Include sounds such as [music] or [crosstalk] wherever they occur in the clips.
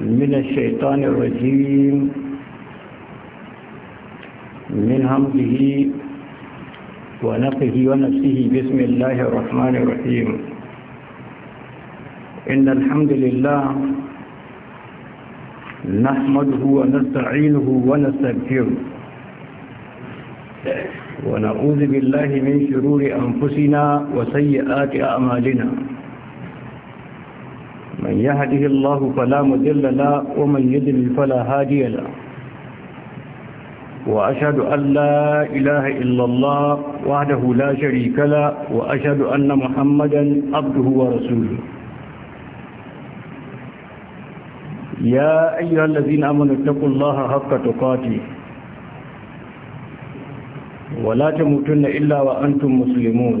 من الشيطان الرجيم من همزه ونقه ونفسه بسم الله الرحمن الرحيم إن الحمد لله نحمده ونستعينه ونستغفره ونعوذ بالله من شرور أنفسنا وسيئات أعمالنا من يهده الله فلا مدل لا ومن يدل فلا هادي لا وأشهد أن لا إله إلا الله وحده لا شريك لا وأشهد أن محمدا عبده ورسوله يا أيها الذين أمنوا اتقوا الله حق تقاته ولا تموتن إلا وأنتم مسلمون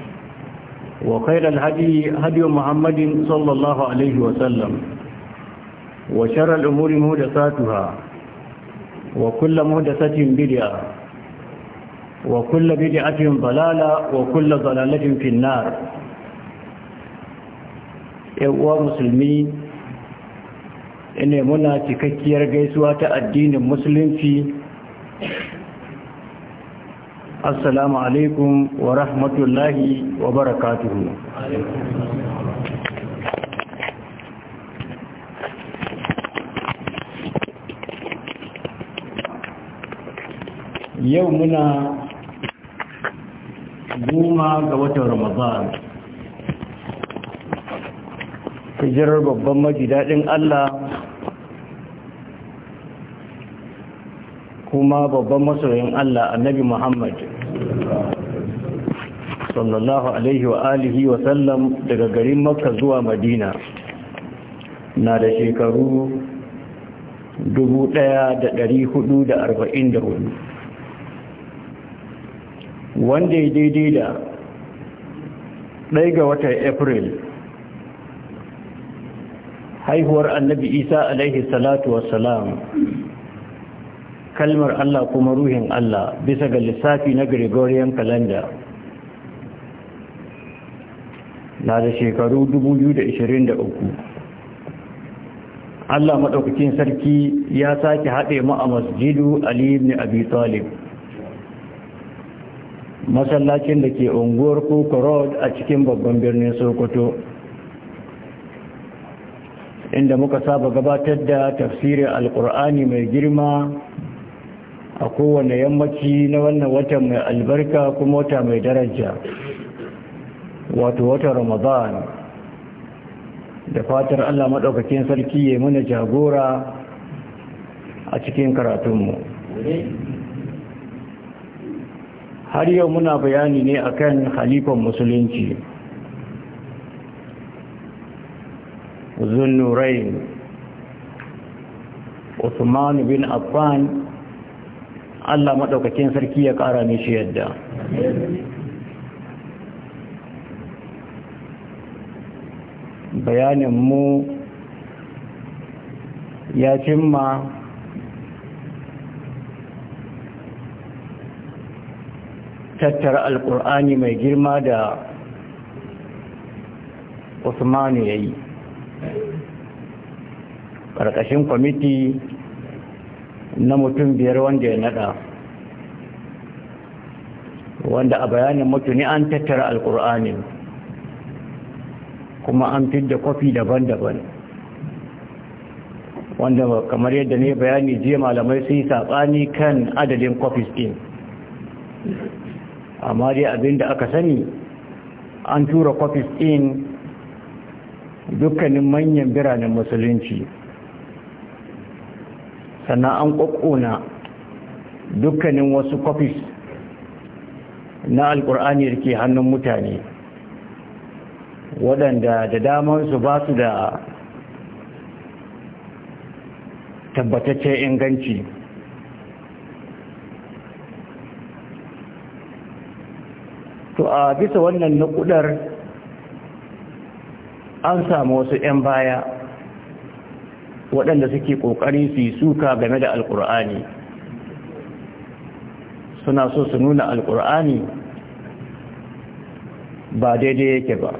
وخير الهدي هدي محمد صلى الله عليه وسلم وشر الأمور مهدساتها وكل مهدسة بدعة وكل بدعة ضلالة وكل ضلالة في النار يقوى مسلمين إن منا تككير قيسوات الدين المسلم في assalamu alaikum wa rahmatullahi wa barakatuhu yau muna goma ga watan ramadan hijirar babban majidadin Allah kuma babban masoyin Allah annabi Muhammad sallallahu alaihi wa alihi wa sallam daga garin Makka zuwa Madina na da shekaru 1444 wanda ya daidai da ɗaya ga watan April haihuwar annabi Isa alaihi salatu wassalam salam kalmar Allah kuma ruhin Allah bisa ga lissafi na Gregorian calendar na da shekaru 2023 Allah maɗaukacin sarki ya sake haɗe mu a masjidu Ali ibn Abi Talib masallacin da ke unguwar Koko Road a cikin babban birnin Sokoto inda muka saba gabatar da tafsirin alkur'ani mai girma a kowane yammaci na wannan wata mai albarka kuma wata mai daraja wato wata ramadan da fatar allah maɗaukakin sarki ya mana jagora a cikin karatunmu har yau muna bayani ne akan halifan musulunci zunnurain Usman bin Affan Allah maɗaukakin sarki ya ƙara mishi yadda bayanin mu ya cimma tattara alƙur'ani mai girma da usmanu ya yi ƙarƙashin kwamiti na mutum biyar wanda ya nada wanda a bayanin ne an tattara alkur'anin kuma an fidda kwafi daban-daban wanda kamar yadda ne bayani jiya malamai sun yi saɓani kan adadin kwafis ɗin amma dai abinda aka sani an tura kwafis ɗin dukkanin manyan biranen musulunci sannan an ƙwaƙona dukkanin wasu kwafis na alƙur'ani da ke hannun mutane waɗanda da damansu ba su da tabbataccen inganci to a bisa wannan nukudar an samu wasu 'yan baya waɗanda suke ƙoƙarin su yi suka game da alƙur'ani suna so su nuna alƙur'ani ba daidai yake ba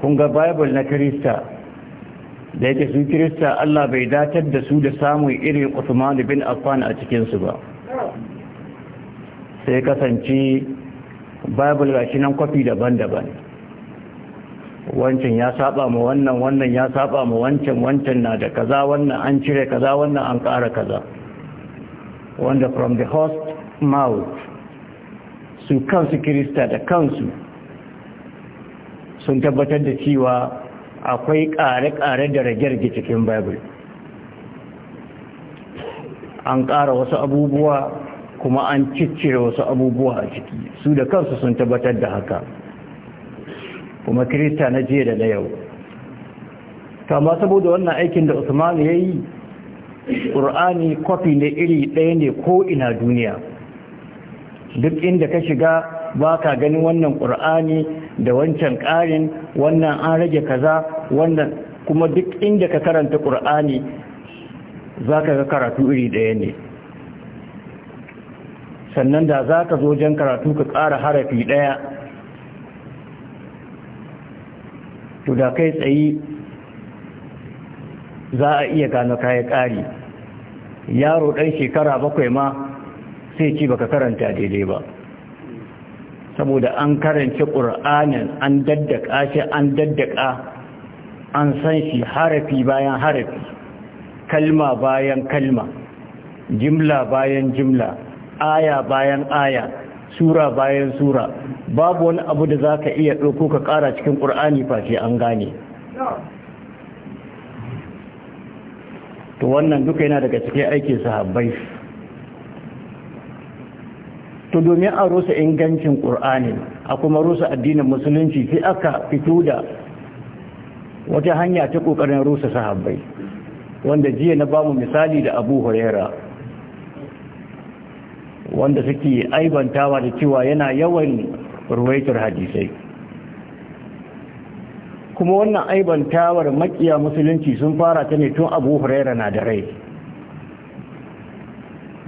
kun ga bible na kirista da yake su kirista allah bai datar da su da samun irin usman bin affan a cikinsu ba sai kasance bible ga shi nan kwafi daban-daban wancan ya saba ma wannan wannan ya saba ma wancan wancan na da kaza wannan an cire kaza wannan an ƙara kaza wanda from the host mouth su kansu kirista da kansu sun tabbatar da cewa akwai ƙare-ƙare da rage-rage cikin bible an ƙara wasu abubuwa kuma an ciccire wasu abubuwa a ciki su da kansu sun tabbatar da haka kuma kirista na jiya da na yau kama saboda wannan aikin da usman ya yi ƙur'ani kwafi ne iri ɗaya ne ko ina duniya duk inda ka shiga ba ka ganin wannan ƙur'ani da wancan ƙarin wannan an rage kaza wannan kuma duk inda ka karanta ƙur'ani za ka ga karatu iri ɗaya ne sannan da za ka zo wajen karatu ka ƙara harafi ɗaya to da kai tsaye za a iya gano kayan ƙari yaro ɗan shekara bakwai ma sai ci baka karanta daidai ba saboda an karanci ƙur'anin an daddaka shi an daddaka an san shi harafi bayan harafi kalma bayan kalma jimla bayan jimla aya bayan aya sura bayan sura babu wani abu da za ka iya ɗauko ka ƙara cikin ƙur'ani face an gane to wannan duka yana daga cikin aikin sahabbai to domin a rusa ingancin ƙur'ani a kuma rusa addinin musulunci sai aka fito da wata hanya ta ƙoƙarin rusa sahabbai wanda jiya na bamu misali da abu Hurera. wanda suke aibantawa da cewa yana yawan ruwaitar hadisai kuma wannan aibantawar makiya musulunci sun fara ta ne tun abu huraira na da rai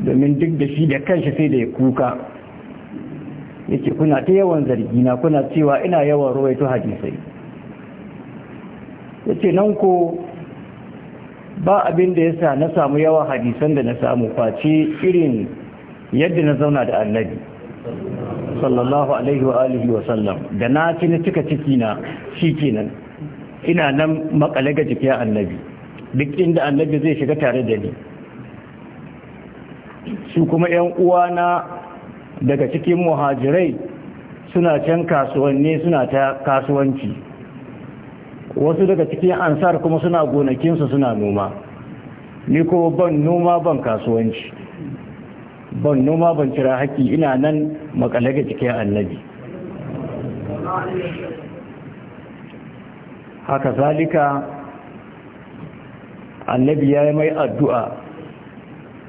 domin duk da shi da kanshi sai da ya kuka yake kuna ta yawan zargina kuna cewa ina yawan ruwaito hadisai yace nan ko ba abin da yasa na samu yawan hadisan da na samu face irin yadda na zauna da annabi sallallahu alaihi wa alihi wa sallam da na ci na cika ciki na kenan ina nan makale ga jikin annabi duk inda annabi zai shiga tare da ni su kuma yan uwana daga cikin muhajirai suna can kasuwanni suna ta kasuwanci wasu daga cikin ansar kuma suna gonakinsu suna noma ni ko ban noma ban kasuwanci ban noma ban cira haƙƙi ina nan makale ga cikin annabi haka zalika annabi ya yi mai addu'a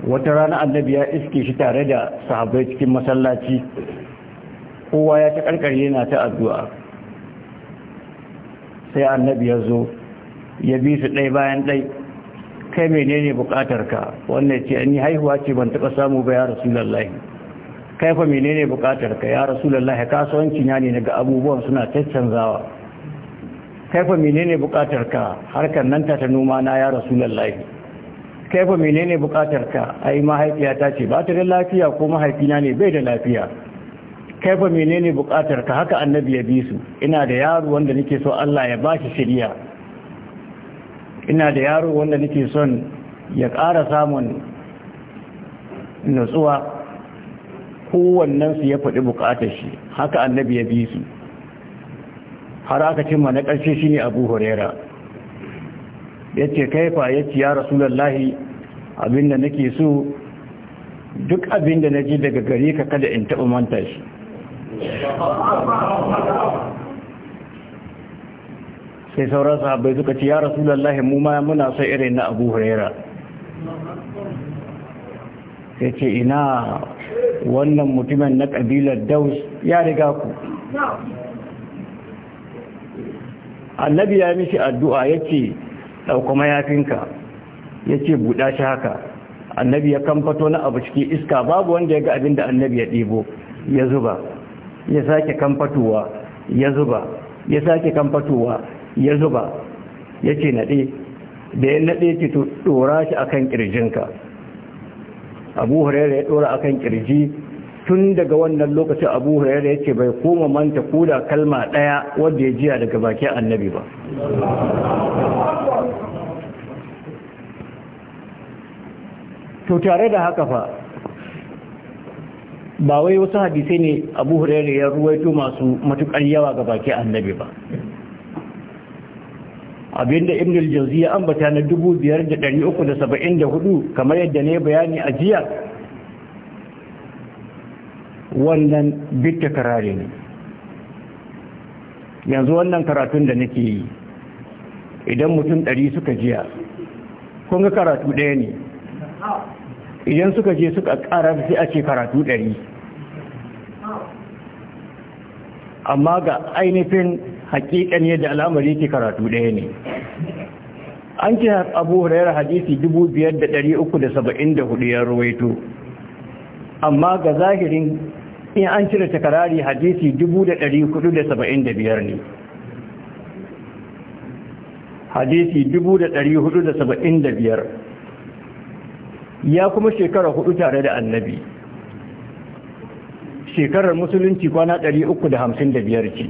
wata rana annabi ya iske shi tare da sahabai cikin masallaci kowa ya ta ƙarƙari yana ta addu'a sai annabi ya zo ya bi su ɗai bayan ɗai kai menene bukatarka wannan ce ni haihuwa ce ban taba samu ba ya rasulullahi kai fa menene bukatarka ya rasulullahi kasuwanci na ne daga abubuwan suna caccanzawa kai fa menene bukatarka harkar nan ta noma na ya rasulullahi kai fa menene bukatarka ai ta ce ba ta da lafiya ko mahaifina ne bai da lafiya kai fa menene bukatarka haka annabi ya bi su ina da yaro wanda nake so Allah ya bashi shiriya ina da yaro wanda nake son ya ƙara samun nutsuwa kowannensu ya faɗi buƙatar shi haka annabi ya bi su har aka ma na ƙarshe shi ne abu horera ya ce kaifa ya ci ya rasulallahi abinda nake so duk abinda na ji daga gare ka kada in taɓa manta shi sai sauran sahabbai suka ce ya lallahi mu ma muna son irin na Abu Huraira sai ce ina wannan mutumin na kabilar Daus ya riga ku annabi ya mishi addu'a ya ce dauka mayafinka ce buɗa shi haka annabi ya kamfato na abu cikin iska babu wanda ya ga abin da annabi ya ɗebo ya zuba ya sake kamfatowa ya zuba ya sake kamfatowa ya zuba ya ce naɗe da ya naɗe ce to ɗora shi a kan ƙirjinka abu hurairu ya ɗora a kan ƙirji tun daga wannan lokacin abu hurairu ya ce bai koma manta ko da kalma ɗaya wadda ya jiya daga bakin annabi ba to tare da haka fa ba wai wasu hadisai ne abu hurairu ya ruwaito masu matukar yawa ga baki annabi ba abinda da al-jawzi ya ambata na 5374 kamar yadda ne bayani a jiya wannan bitta karare ne yanzu wannan karatun da nake yi idan mutum 100 suka jiya kun ga karatu ɗaya ne idan suka je suka ƙara sai a ce karatu ɗari amma ga ainihin hakikan yadda al'amari ke karatu ɗaya ne an ce abu hurairar hadisi 5,374 ya ruwaito amma ga zahirin in an cire takarari hadisi biyar ne hadisi biyar. ya kuma shekara hudu tare da annabi shekarar musulunci kwana 355 ce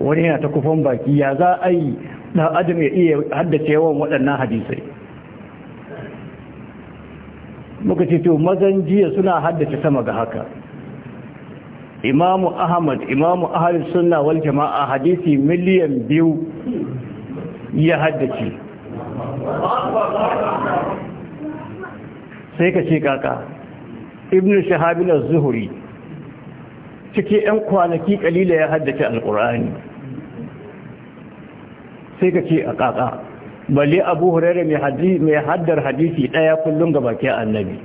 wani yana ta kufan baki ya za a yi ɗan adam ya iya haddace yawan waɗannan hadisai muka ce to mazan jiya suna haddace sama ga haka imamu ahmad imamu ahalin suna wal jama'a hadisi miliyan biyu ya haddace sai ka ce kaka ibn shahabin zuhuri cike 'yan kwanaki kalila ya haddace alkur'ani sai ka ce a ƙaƙa balle abu hurairu mai haddar hadisi ɗaya kullum ga baki annabi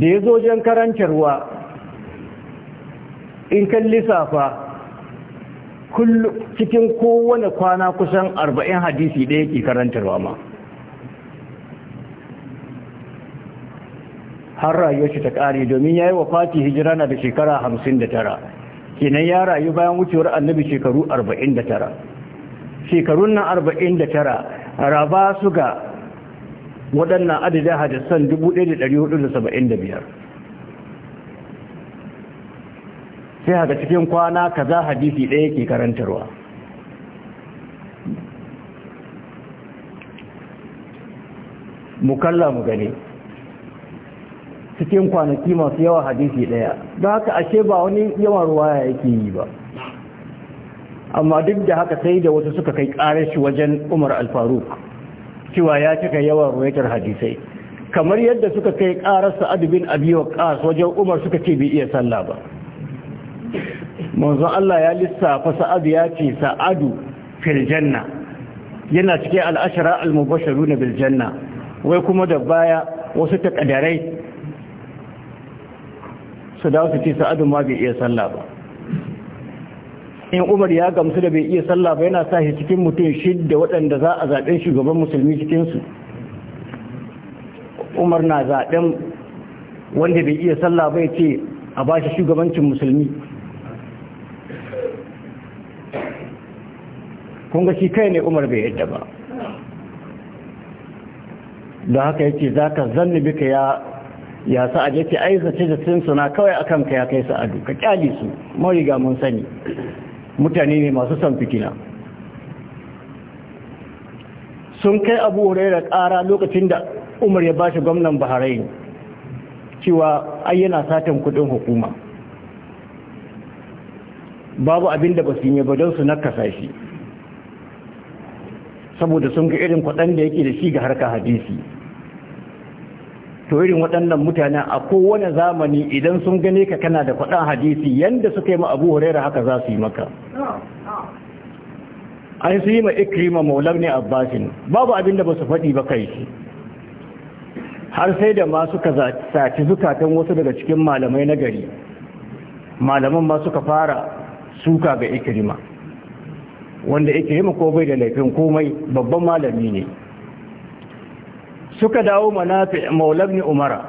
da ya zo jan karantarwa in kan lissafa cikin kowane kwana kusan arba'in hadisi ɗaya ke karantarwa ma har rayuwar shi ta ƙare domin ya yi wa fati hijira na da shekara hamsin da tara kenan ya rayu bayan wucewar annabi shekaru 49 shekarun nan 49 raba su ga waɗannan adadin hadisan 1475 sai haka cikin kwana kaza hadisi ɗaya ke karantarwa mukalla mu gani cikin kwanaki masu yawa hadisi ɗaya don haka ashe ba wani yawan ruwaya yake yi ba amma duk da haka sai da wasu suka kai ƙarar shi wajen umar alfaruk cewa ya cika yawan ruwaitar hadisai kamar yadda suka kai ƙarar Sa'adu bin abi waqas wajen umar suka ce bai iya sallah ba manzon Allah ya lissafa Sa'adu ya ce sa'adu fil janna yana cikin al'ashara al-mubashiruna bil janna wai kuma da baya wasu takadarai su dawo su ce sa'adun ma bai iya sallah ba in umar ya gamsu da bai iya sallah ba yana sa shi cikin mutum shidda waɗanda za a zaɓen shugaban musulmi cikinsu umar na zaɓen wanda bai iya sallah ba ya ce a ba shi shugabancin musulmi kunga shi kai ne umar bai yadda ba da haka yake za ka zanni bika ya ya sa'ad yake aizace da sun suna kawai akan ka ya kai sa'adu ka kyale su mariga mun sani mutane ne masu son fitina sun kai abu da ƙara lokacin da umar ya bashi gwamnan baharai cewa ai yana satin kudin hukuma babu abin da ba su yi ba don su nakasa shi saboda sun ga irin kwaɗan da yake da shi ga harka hadisi to irin waɗannan mutane, a kowane zamani idan sun gane ka kana da faɗan hadisi yadda suka yi ma abu huraira haka za su yi maka an su yi ma ikrima maulam ne abbasin babu abinda ba su faɗi ba kai har sai da ma suka saci zukatan wasu daga cikin malamai na gari malaman ma suka fara suka ga ikrima wanda ikrima ko bai da laifin komai babban malami ne suka dawo manafi maulabni umara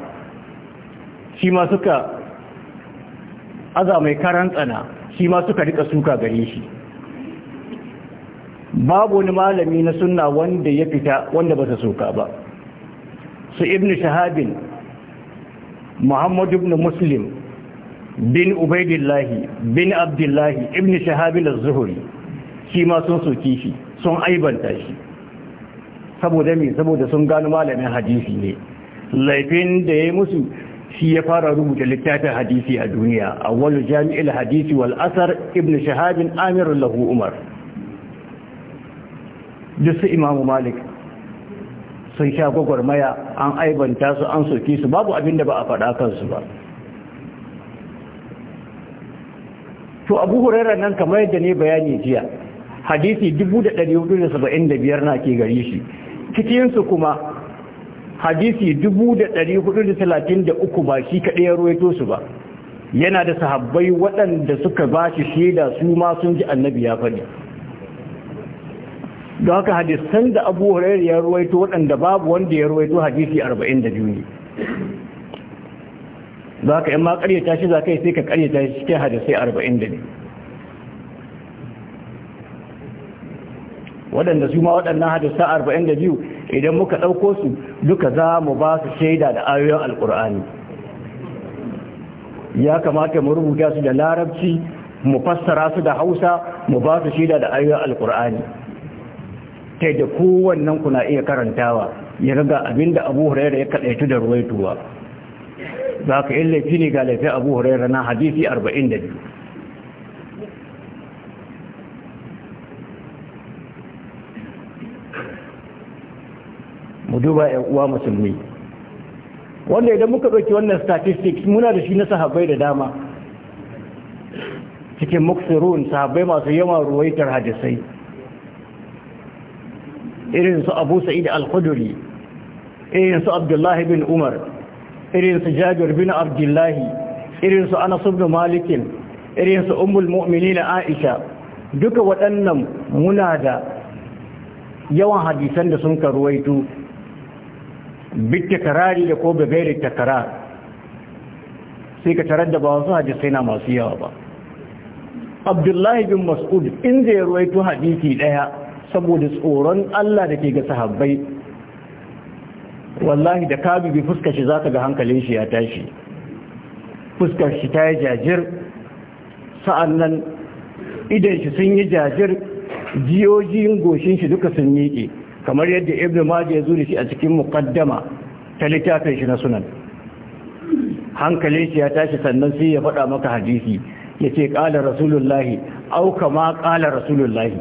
shi ma suka aza mai karan tsana shi ma suka rika suka gare shi babu wani malami na sunna wanda ya fita wanda ba su suka ba su ibn shahabin muhammad ibn muslim bin ubaidillahi bin abdullahi ibn shahabin al zuhri shi ma sun soki shi sun aibanta shi saboda me saboda sun gano malamin hadisi ne laifin da ya musu shi ya fara rubuta littafin hadisi a duniya a wani jami'il hadisi wal asar ibn shahabin amir lahu umar duk su imamu malik sun sha gwagwarmaya an aibanta su an soke su babu abin da ba a faɗa kansu ba to abu hurera nan kamar yadda ne bayani jiya hadisi 1475 na ke gari shi cikinsu kuma hadisi 433 ba shi kaɗai ya ruwaito su ba yana da sahabbai waɗanda suka ba shi shaida su ma sun ji annabi ya faɗi don haka hadisan da abu hurairu ya ruwaito waɗanda babu wanda ya ruwaito hadisi 42 ne za ka yi ma ƙaryata shi za ka yi sai ka ƙaryata shi cikin hadisai 42 waɗanda su ma waɗannan hadisa arba'in da idan muka ɗauko su duka za mu ba su shaida da ayoyin alƙur'ani ya kamata mu rubuta su da larabci mu fassara su da hausa mu ba su shaida da ayoyin alƙur'ani ta da kowannen kuna iya karantawa ya riga abinda abu hurairu ya kaɗaitu da ruwaituwa za ka yi laifi ne ga laifin abu hurairu na hadisi arba'in da biyu mu duba uwa musulmi wanda idan muka ɗauki wannan statistics muna da shi na sahabbai da dama cikin muksirun sahabbai masu yawa ruwaitar hadisai irin su abu sa'id al-khuduri irin su abdullahi bin umar irin su jabir bin abdullahi irin su anas Malikin, malik irin su ummul aisha duka waɗannan muna da yawan hadisan da sun ruwaitu. bitakarari da ko ta Kara sai ka tarar da ba wasu hadisai na masu yawa ba abdullahi bin mas'ud inda ya ruwaito hadisi daya saboda tsoron Allah da ke ga sahabbai wallahi da kabi bi fuskar shi zaka ga hankalin shi ya tashi fuskar shi ta yi jajir sa'annan idan shi sun yi jajir jiyoyin goshin shi duka sun ke. kamar yadda ibnu maji ya zuri shi a cikin muqaddama ta littafin shi na sunan hankalin shi ya tashi sannan sai ya faɗa maka hadisi ya ce ƙala rasulullahi auka kama ƙala rasulullahi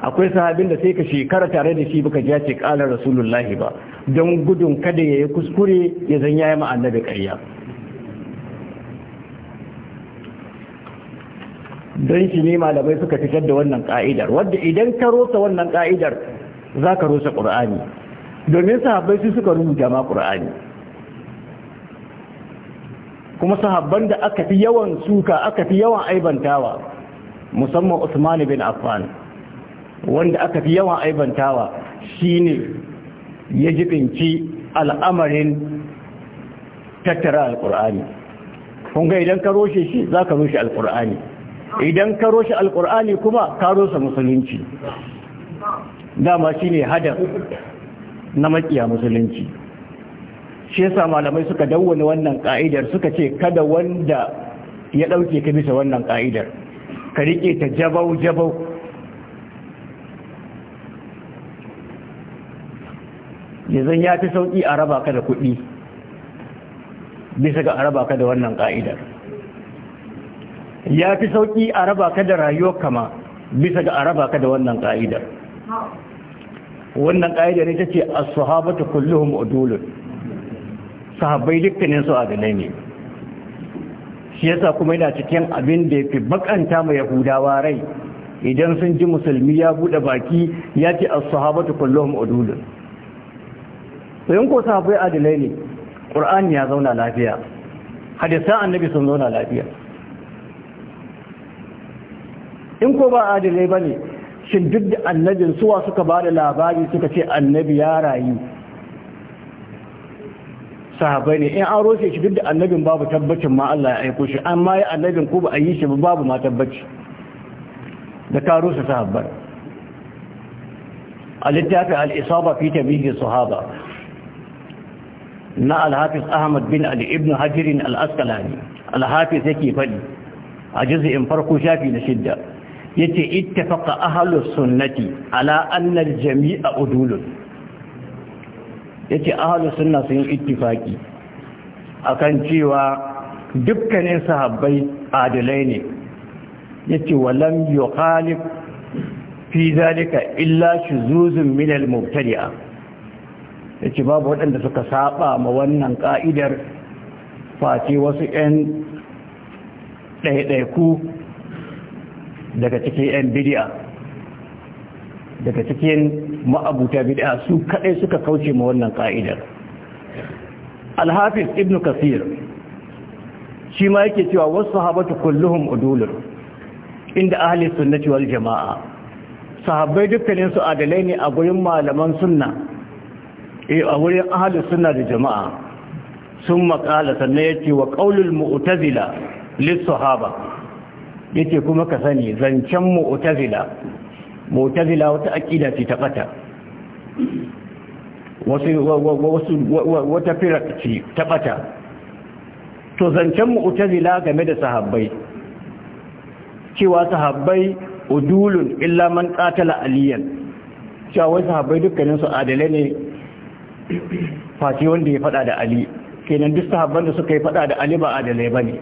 akwai sahabin da sai ka shekara tare da shi baka ji ce ƙala rasulullahi ba don gudun kada ya yi kuskure ya zan yayi ma annabi ƙarya don shi ne malamai suka fitar da wannan ka'idar wadda idan ka rusa wannan ka'idar za ka rusa ƙura'ani domin sahabbai su suka rubuta ma ƙura'ani kuma sahabban da aka fi yawan suka aka fi yawan aibantawa musamman usman bin affan wanda aka fi yawan aibantawa shine ya jibinci al'amarin tattara alƙur'ani kun ga idan ka roshe shi za ka roshe alƙur'ani idan ka roshi alkur'ani kuma ka rosa musulunci dama shi ne hadar na makiya musulunci shi yasa malamai suka dawwani wannan ka'idar suka ce kada wanda ya ɗauke ka bisa wannan ka'idar ka riƙe ta jabau-jabau yanzu ya fi sauƙi a raba ka da kuɗi bisa ga a raba ka da wannan ka'idar ya fi sauƙi a raba ka da rayuwar kama bisa ga a raba ka da wannan ƙa'idar wannan ne ta ce a sahabatu kulluhum udulun sahabbai dukkanin su adalai ne shi yasa kuma yana cikin abin da ya fi bakanta mai yahudawa rai idan sun ji musulmi ya buɗe baki ya ce a sahabatu kulluhum udulun sayan ko sahabbai adalai ne ƙur'ani ya zauna lafiya hadisa annabi sun zauna lafiya in ko ba adalai ba ne shin duk da annabin suwa suka ba da labari suka ce annabi ya rayu sahabai ne in an roshe shi duk da annabin babu tabbacin ma Allah ya aiko shi amma ya annabin ko ba a yi shi ba babu ma tabbaci da ka rusa sahabar. a littafin al'isaba fi tabihin sahaba na alhafiz ahmad bin al'ibn hajjirin al'askalani alhafiz yake faɗi a jizu in farko shafi na shidda yace ittafaqa ahlus sunnati ala anna al-jami'a udulun yace ahlus sunna sun ittifaki akan cewa dukkanin sahabbai adalai ne yace walam yuqalib fi zalika illa shuzuzun min al-mubtadi'a yace babu waɗanda suka saba ma wannan ka'idar Fati wasu 'yan ɗaiɗaiku daga cikin 'yan bidiya daga cikin ma'abuta bidiya su kadai suka kauce ma wannan ƙa'idar alhafiz ibn kasir shi ma yake cewa wasu sahabatu kulluhum udulur inda ahli sunnati wal jama'a sahabbai dukkanin su adalai ne a gurin malaman sunna eh a gurin ahli sunna da jama'a sun maƙala sannan yace wa qaulul mu'tazila lis sahaba Yake kuma ka sani zancen mu'tazila mu'tazila wata akida ce ta bata wasu wasu wata firak ce ta bata to zancen mu'tazila game da sahabbai cewa sahabbai udulun illa man qatala aliyan cewa wai sahabbai dukkanin su adalai ne face wanda ya fada da ali kenan duk sahabban da suka yi fada da ali ba adalai bane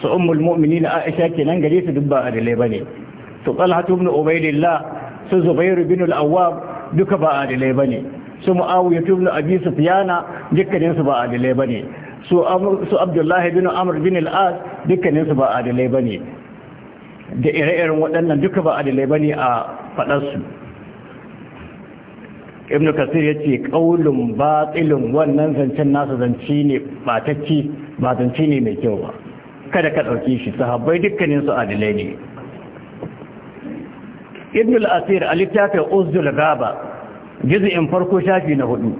su ummul mu'minin Aisha kenan gare su dubba adalai bane su Talha ibn Ubaydillah su Zubair ibn al-Awwab duka ba adalai bane su Muawiya ibn Abi Sufyan dukkanin su ba adalai bane su su Abdullah ibn Amr ibn al-As dukkanin su ba adalai bane da ire-iren waɗannan duka ba adalai bane a fadar su Ibn Kasir yace qaulun batilun wannan zancen nasu zanci ne batacci ba zance ne mai kyau ba kada ka ɗauke shi sahabbai dukkanin su adilai ne ibn al-asir a littafin uzul gaba juz'in farko shafi na hudu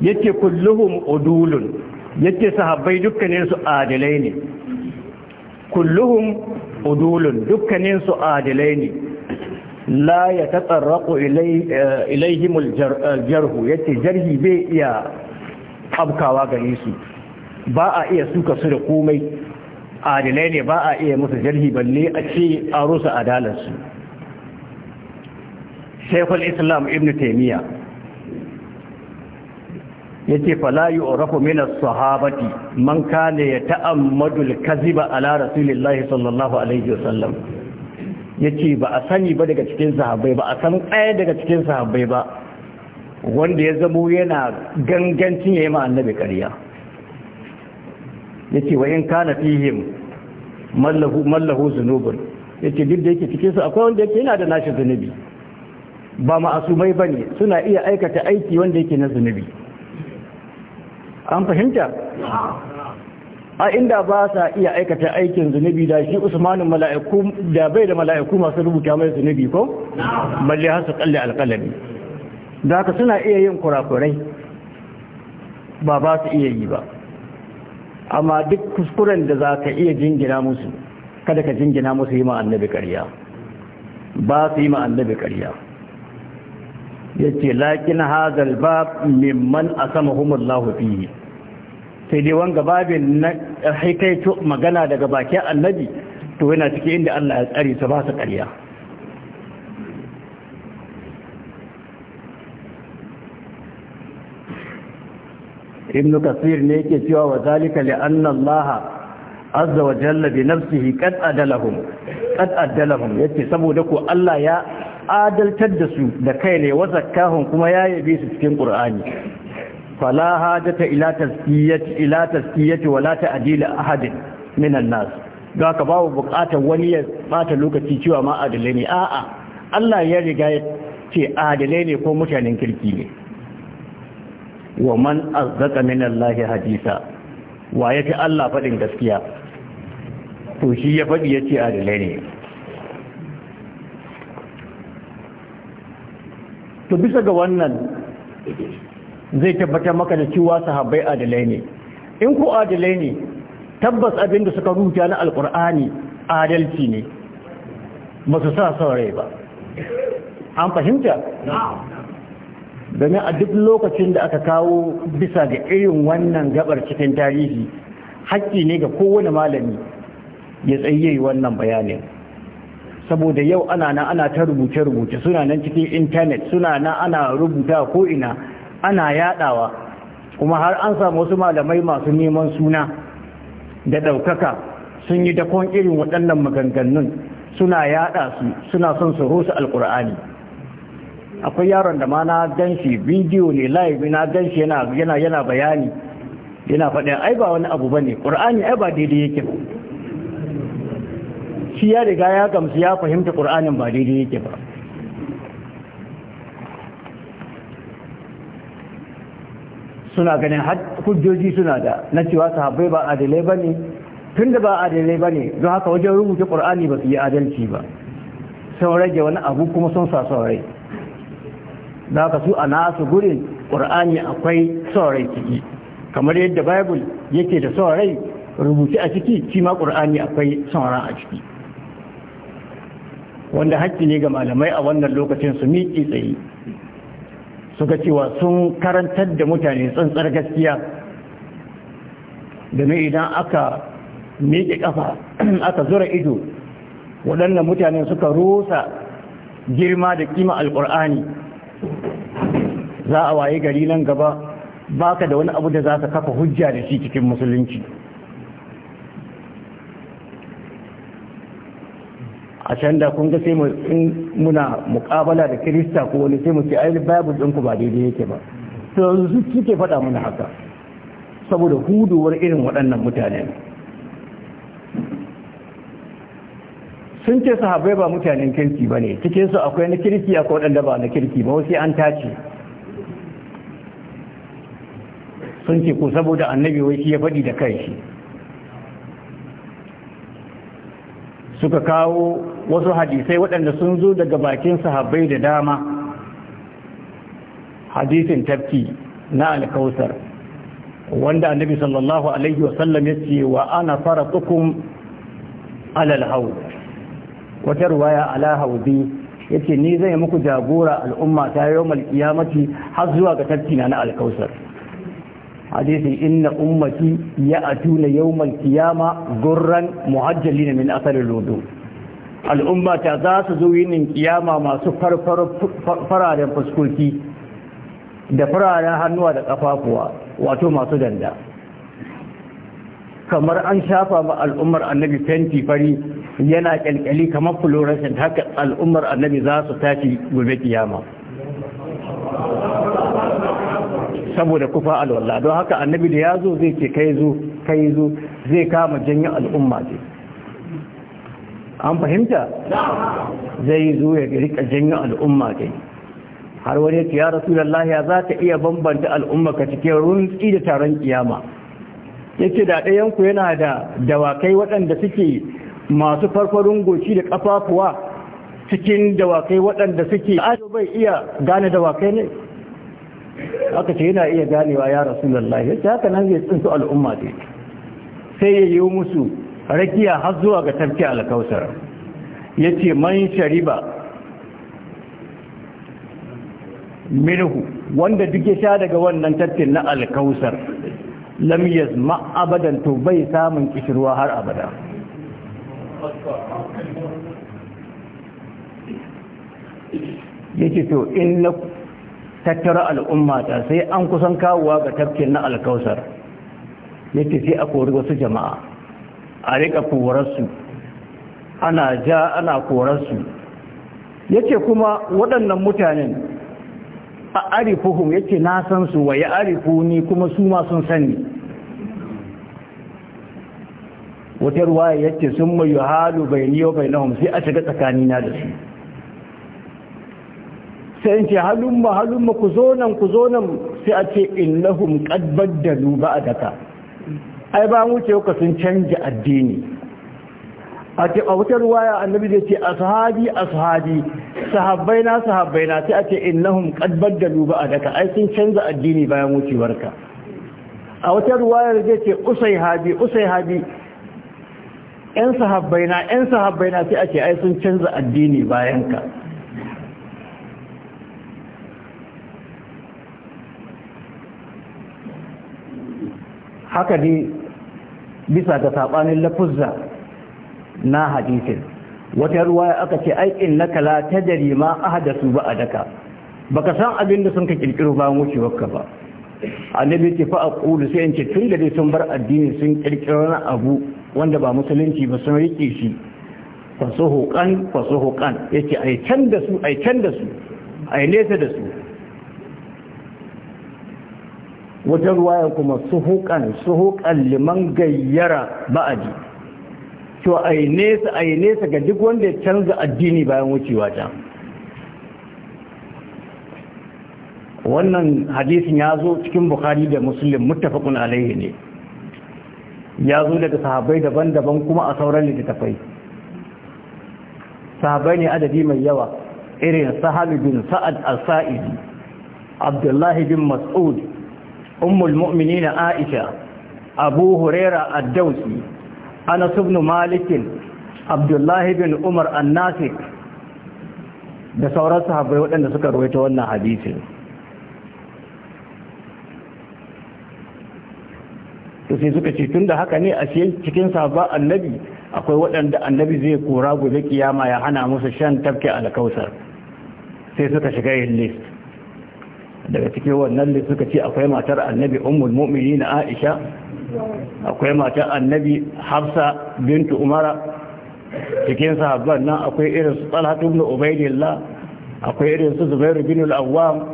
yake kulluhum udulun yake sahabbai dukkanin adilai ne kulluhum udulun dukkanin su adilai ne la ya tatsarraku ilaihimul jarhu yace jarhi bai iya abkawa gare ba a iya suka su da komai adilai ne ba a iya musu jarhi balle a ce a rusa adalarsu shekul islam ibn taimiyya ya ce falayi orafu minas sahabati man kane ya ta'ammadul kaziba ala rasulillahi sallallahu alaihi wasallam ya ce ba a sani ba daga cikin sahabbai ba a san ɗaya daga cikin sahabbai ba wanda ya zamo yana gangancin ya yi ma annabi yace wa in kana fihim mallahu mallahu zunubun yace duk da yake cikin su akwai wanda yake yana da nashi zunubi ba ma'asumai bane suna iya aikata aiki wanda yake na zunubi an fahimta a inda ba sa iya aikata aikin zunubi da shi usmanin mala'iku da bai da mala'iku masu rubuta mai zunubi ko balle har su kalle alƙalami da haka suna iya yin kurakurai ba ba su iya yi ba amma duk kuskuren da za ka iya jingina musu kada ka jingina musu yi ma'annabi ƙarya ba su yi ma'annabi ƙarya ya ce laƙin hazal ba mimman a sama humar lahufi sai dai wanga babin na haikaito magana daga bakin annabi to yana cikin inda Allah ya tsari su ba su ƙarya ibn kasir ne yake cewa wa zalika li anna allah azza wa jalla bi nafsihi qad adalahum qad adalahum yace saboda ko allah ya adaltar da su da kai ne wa zakkahum kuma ya yabe su cikin qur'ani fala hajata ila tazkiyati ila tazkiyati wala ta'dil ahadin minan nas ga ka babu bukatar wani ya bata lokaci cewa ma adalai ne a'a Allah ya riga ce adalai ne ko mutanen kirki ne wa man azzaka min Allah hadisa wa yafi Allah fadin gaskiya to shi ya fadi yace adalai ne to bisa ga wannan zai tabbatar maka da cewa sahabbai adalai ne in ku adalai ne tabbas abin da suka rubuta na alkur'ani adalci ne ba su sa saurayi ba an fahimta? domin a duk lokacin da aka kawo bisa ga irin wannan gabar cikin tarihi haƙƙi ne ga kowane malami ya tsaye wannan bayanin saboda yau ana nan ana ta rubuce-rubuce suna nan cikin intanet suna nan ana rubuta ko'ina ana yadawa kuma har an samu wasu malamai masu neman suna da ɗaukaka sun yi dakon irin waɗannan maganganun suna yada su suna son su rusa alkur'ani akwai yaron da ma na ganshi bidiyo ne live na ganshi yana yana yana bayani yana faɗin ai ba wani abu bane qur'ani ai ba daidai yake ba shi ya riga ya gamsu ya fahimta qur'anin ba daidai yake ba suna ganin hujjoji suna da na cewa sahabbai ba adalai bane tun da ba adalai bane don haka wajen rubuta qur'ani ba su yi adalci ba sun rage wani abu kuma sun sa saurai za ka su a nasu gurin ƙur'ani akwai saurai ciki kamar yadda bible yake da saurai rubuce a ciki shi ma ƙur'ani akwai saura a ciki wanda hakki ne ga malamai a wannan lokacin su miƙi tsaye suka cewa sun karantar da mutane tsantsar gaskiya da idan aka miƙe ƙafa [clears throat] aka zura ido waɗannan mutane suka rusa girma da kima alƙur'ani za a waye gari nan gaba baka da wani abu da za ka kafa hujja da shi cikin musulunci a can da kun ga sai mu in muna muƙabala da kirista ko wani sai mu ce ai bible ɗinku ba daidai yake ba to yanzu suke faɗa mana haka saboda huduwar irin waɗannan mutane sun ce sahabbai ba mutanen kirki ba ne cikinsu akwai na kirki akwai waɗanda ba na kirki ba wasu an tace sun ce ko saboda annabi wai shi ya faɗi da kai shi suka kawo wasu hadisai waɗanda sun zo daga bakin sahabbai da dama hadisin tafki na alkausar wanda annabi sallallahu alaihi wasallam ya ce wa ana fara tukun alal hau wata ruwaya ala ya ce ni zai muku jagora al'umma ta yi yau malkiyamaci har zuwa ga tafki na na alkausar hadisin inna ummati ya atuna yawmal kiyama gurran muhajjalin min asalin al Al'ummata al'umma za su zo yin kiyama masu fararen fuskoki da fararen hannuwa da ƙafafuwa wato masu danda kamar an shafa ma al'ummar annabi fenti fari yana kyalkyali kamar fluorescent haka al'ummar annabi za su tashi gobe kiyama saboda kufa alwala don haka annabi da ya zo zai ce kai zo kai zo zai kama janyen al'umma ce an fahimta zai zo ya rika janyen al'umma ce har wani ya ce ya lahiya lahiya za ta iya bambanta al'umma ka cikin runtsi da taron kiyama ya ce da ɗayanku yana da dawakai waɗanda suke masu farfarin goci da ƙafafuwa cikin dawakai waɗanda suke ajo bai iya gane dawakai ne aka ce yana iya ganewa ya rasu lallahi yace haka nan zai tsinsu al'umma ce sai ya yi musu rakiya har zuwa ga tafki alkausar yace man shariba minuhu wanda duk ya sha daga wannan tafkin na alkausar lamiyas ma'abadan to bai samun kishirwa har abada yake to in na tattara al'ummata sai an kusan kawowa ga tafkin na alkausar yake sai a kori wasu jama'a a rika korarsu ana ja ana korarsu yake kuma waɗannan mutanen a Ya yake na san su wa ya arifu ni kuma su ma sun sani wata ya yake sun mai halu bai niyo bai na sai a shiga tsakanina da su sai in ce halumma halumma ku zo nan ku zo nan sai a ce innahum qad baddalu ba'daka ai ba mu ce kuka sun canja addini a ce a wutar waya annabi zai ce ashabi ashabi sahabbai na sahabbai na sai a ce innahum qad baddalu ba'daka ai sun canza addini bayan wucewarka a wata ruwayar zai ce usai habi usai habi ‘yan sahabbaina ‘yan na sai ce ai sun canza addini bayan ka haka dai bisa ga saɓanin lafuzza na hadisin wata ruwaya aka ce aikin na kala ta jari ma ba a daka baka san abin da sun ka kirkiro bayan wucewarka ba annabi ce fa aqulu sai in ce tun da dai sun bar addini sun kirkiro na abu wanda ba musulunci ba sun rike shi fasuhuqan fasuhuqan yace ai can da su ai can da su ai nesa da su wata ruwaya kuma suhukan suhukan liman gayyara ba'adi to yi nesa yi nesa ga duk wanda ya canza addini bayan wucewa ta wannan hadisin ya zo cikin bukhari da muslim mutafakun alaihi ne ya zo daga sahabai daban-daban kuma a sauran littattafai Sahabai ne adadi mai yawa irin sahal bin sa'ad al-sa'idi abdullahi bin mas'ud ummul aisha abu huraira Addausi, dawsi anas ibn ibn umar an da sauran sahabbai waɗanda suka rawaito wannan hadisin to sai suka ce tunda haka ne a cikin sahabba annabi akwai waɗanda annabi zai kura gobe kiyama ya hana musu shan tafke alkausar sai suka shiga yin list daga cikin wannan da suka ce akwai matar annabi ummul mu'minin aisha akwai matar annabi hafsa bintu umara cikin sahabban nan akwai irin su talhatu ibn ubaidillah akwai irin su zubair bin al-awwam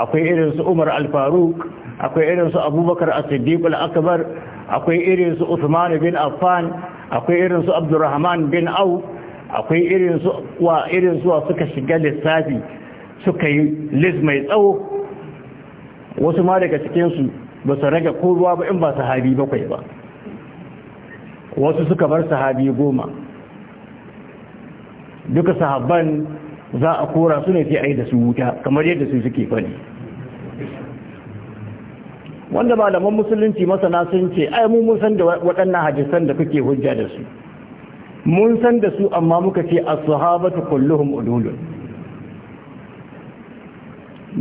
akwai irin su umar al-faruq akwai irin su abubakar as-siddiq al-akbar akwai irin su usman bin affan akwai irin su abdurrahman bin au akwai irin su wa irin su suka shiga lissafi suka yi list mai tsawo wasu ma daga cikinsu ba su rage ko ruwa ba in ba sahabi bakwai ba wasu suka bar sahabi goma duka sahabban za a kora su ne sai a yi da su wuta kamar yadda su suke fani wanda malaman musulunci masana sun ce ai mu mun san da waɗannan hadisan da kuke hujja da su mun san da su amma muka ce as-sahabatu kulluhum ululun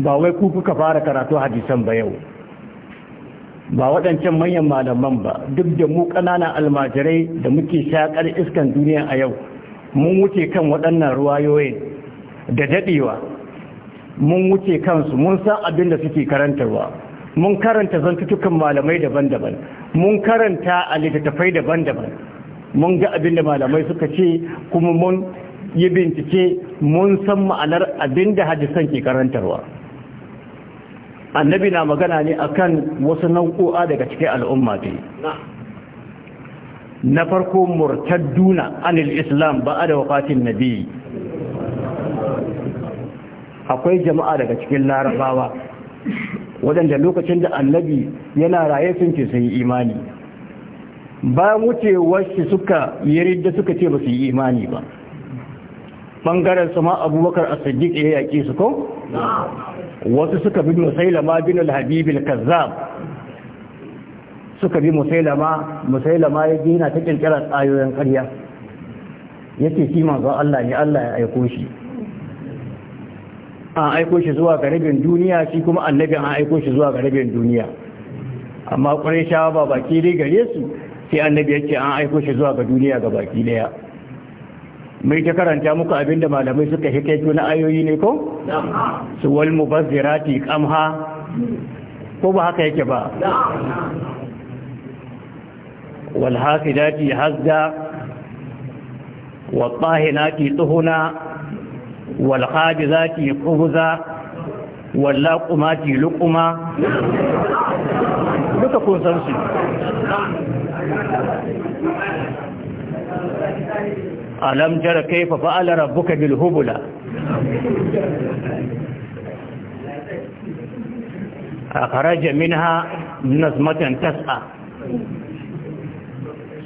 ba wai ku kuka fara karatu hadisan ba yau ba waɗancan manyan malaman ba duk da mu ƙananan almajirai da muke shaƙar iskan duniya a yau mun wuce kan waɗannan ruwayoyin da daɗewa mun wuce kansu mun san abin da suke karantarwa mun karanta zantutukan malamai daban-daban mun karanta a littattafai daban-daban mun ga abin da malamai suka ce kuma mun yi bincike mun san ma'anar abin da hadisan ke karantarwa annabi na magana ne akan wasu nau'o'a daga cikin al'umma dai na farko murtadduna anil islam ba a da wafatin nabi akwai jama'a daga cikin larabawa waɗanda lokacin da annabi yana raye sun ce sai imani ba wucewar shi suka da suka ce ba su yi imani ba ɓangaren sama abubakar a sadiq ya yaƙi su ko? wasu suka bi musailama bin al kazzab suka bi musailama musailama ya gina ta kirkirar ayoyin ƙarya yake shi manzo Allah ne Allah ya aiko shi an aiko shi zuwa ga duniya shi kuma annabi an aiko shi zuwa ga duniya amma ƙwarai shawa ba baki dai gare su sai annabi yace an aiko shi zuwa ga duniya ga baki daya mai ta karanta muku abinda malamai suka hikaito na ayoyi ne ko? su wal mubazzirati kamha ko ba haka yake ba wal hafidati hazda wal tahinati tuhuna wal hajizati qubza wal laqumati luquma duka kun san shi alam tara kaifa fa'ala rabbuka bil hubula akhraja minha nazmatan tas'a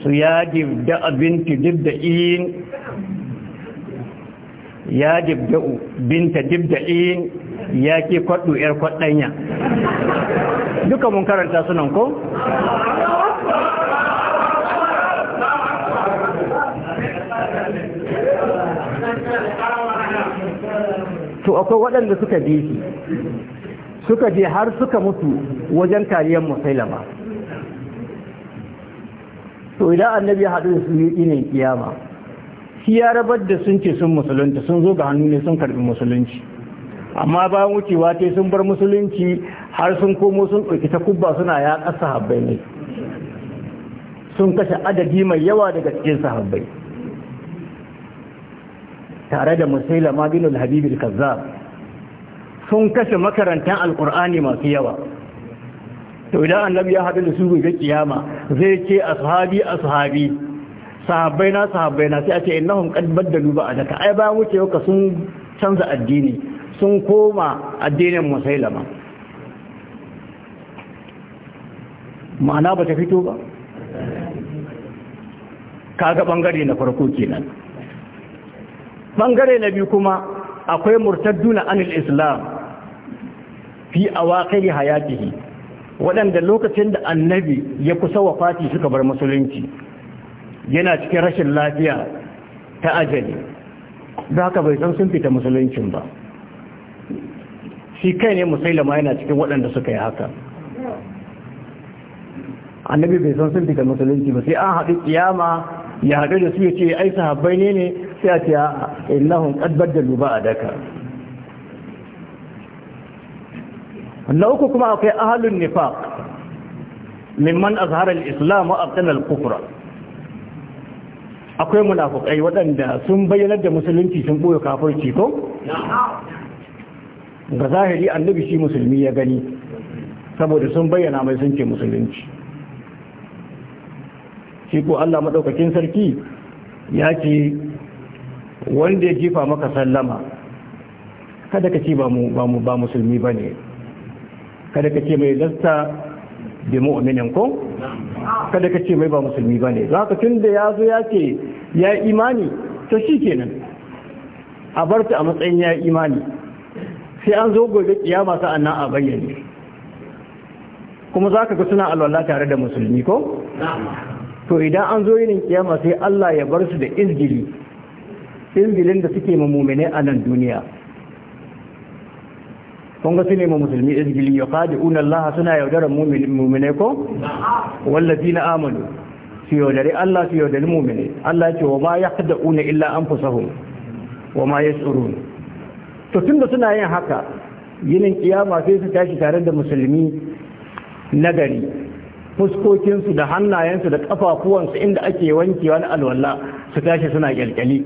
suyadib da binti dibda'in ya dibda'u binta dibda'in ya ke kwaɗo 'yar kwaddanya duka mun karanta sunan ko? to akwai waɗanda suka je shi suka je har suka mutu wajen kariyar musailama to idan annabi ya haɗu da su yi ne kiyama shi ya rabar da sun ce sun musulunta sun zo ga hannu ne sun karɓi musulunci amma ba wucewa ce sun bar musulunci har sun komo sun ɗauki ta kubba suna ya ƙasa habbai ne sun kashe adadi mai yawa daga cikin sahabbai tare da musailama bin al-habib al-kazzab sun kashe makarantar alqur'ani masu yawa to idan annabi ya haɗu da su ga kiyama zai ce ashabi ashabi sahabbai na sahabbai na sai a ce innahum qad baddalu ba'daka ai bayan wuce ka sun canza addini sun koma addinin musailama ma'ana ba ta fito ba kaga bangare na farko kenan bangare na biyu kuma akwai murtadduna anil islam fi awaqili hayatihi waɗanda lokacin da annabi ya kusa wafati suka bar musulunci yana cikin rashin lafiya ta ajali da haka bai san sun fita musuluncin ba shi kai ne musailama yana cikin waɗanda suka yi haka annabi bai san sun fita musulunci ba sai an haɗu kiyama ya haɗu da su ya ce ai sahabbai ne ne sai a ce da ah, qad a daka. na uku kuma akwai ahalun nifaq mimman azhara al-islam wa aqana al-kufra akwai munafukai waɗanda sun bayyanar da musulunci sun ɓoye kafirci ko ga zahiri annabi shi musulmi ya gani saboda sun bayyana mai sun ce musulunci shi ko Allah maɗaukakin sarki ya ce wanda ya jifa maka sallama kada ka ce ba musulmi ba ne kada ka ce mai lasta da mu'minin ko kada ka ce mai ba musulmi ba ne za ka tun da ya zo ya ce ya imani to shi kenan a bar ta a matsayin ya imani sai an zo gobe kiyama sa'an nan a bayyane kuma za ka ga suna alwala tare da musulmi ko to idan an zo yinin kiyama sai Allah ya bar su da izgili izgilin da suke ma a nan duniya kun ga su ne ma musulmi izgili ya kaji laha suna yaudarar mumine ko wallafi na amalu su yaudari Allah su yaudari mumine Allah ce wa ma ya kada una illa an fusahun wa ma ya tsoro to tun da suna yin haka yinin kiyama sai su tashi tare da musulmi nagari fuskokinsu da hannayensu da kafafuwansu inda ake wankewa na alwala su tashi suna kyalkyali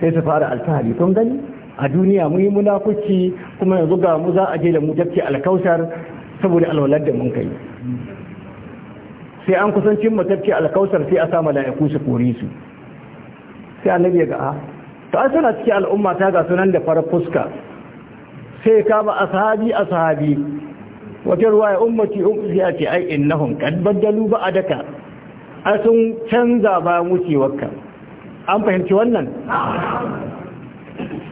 sai su fara alfahari kun gani a duniya mu yi munafuci kuma yanzu ga mu za a je da mu tafki alkausar saboda alwalar da mun kai sai an kusancin mu tafki alkausar sai a sa mala'iku su kore su sai annabi ga a ah, to an suna cikin al'umma ta ga sunan da fara fuska sai sahabi ashabi ashabi wajen ruwa ya ummati ummati ya ce ai innahum qad baddalu ba a sun canza ba wucewarka an fahimci wannan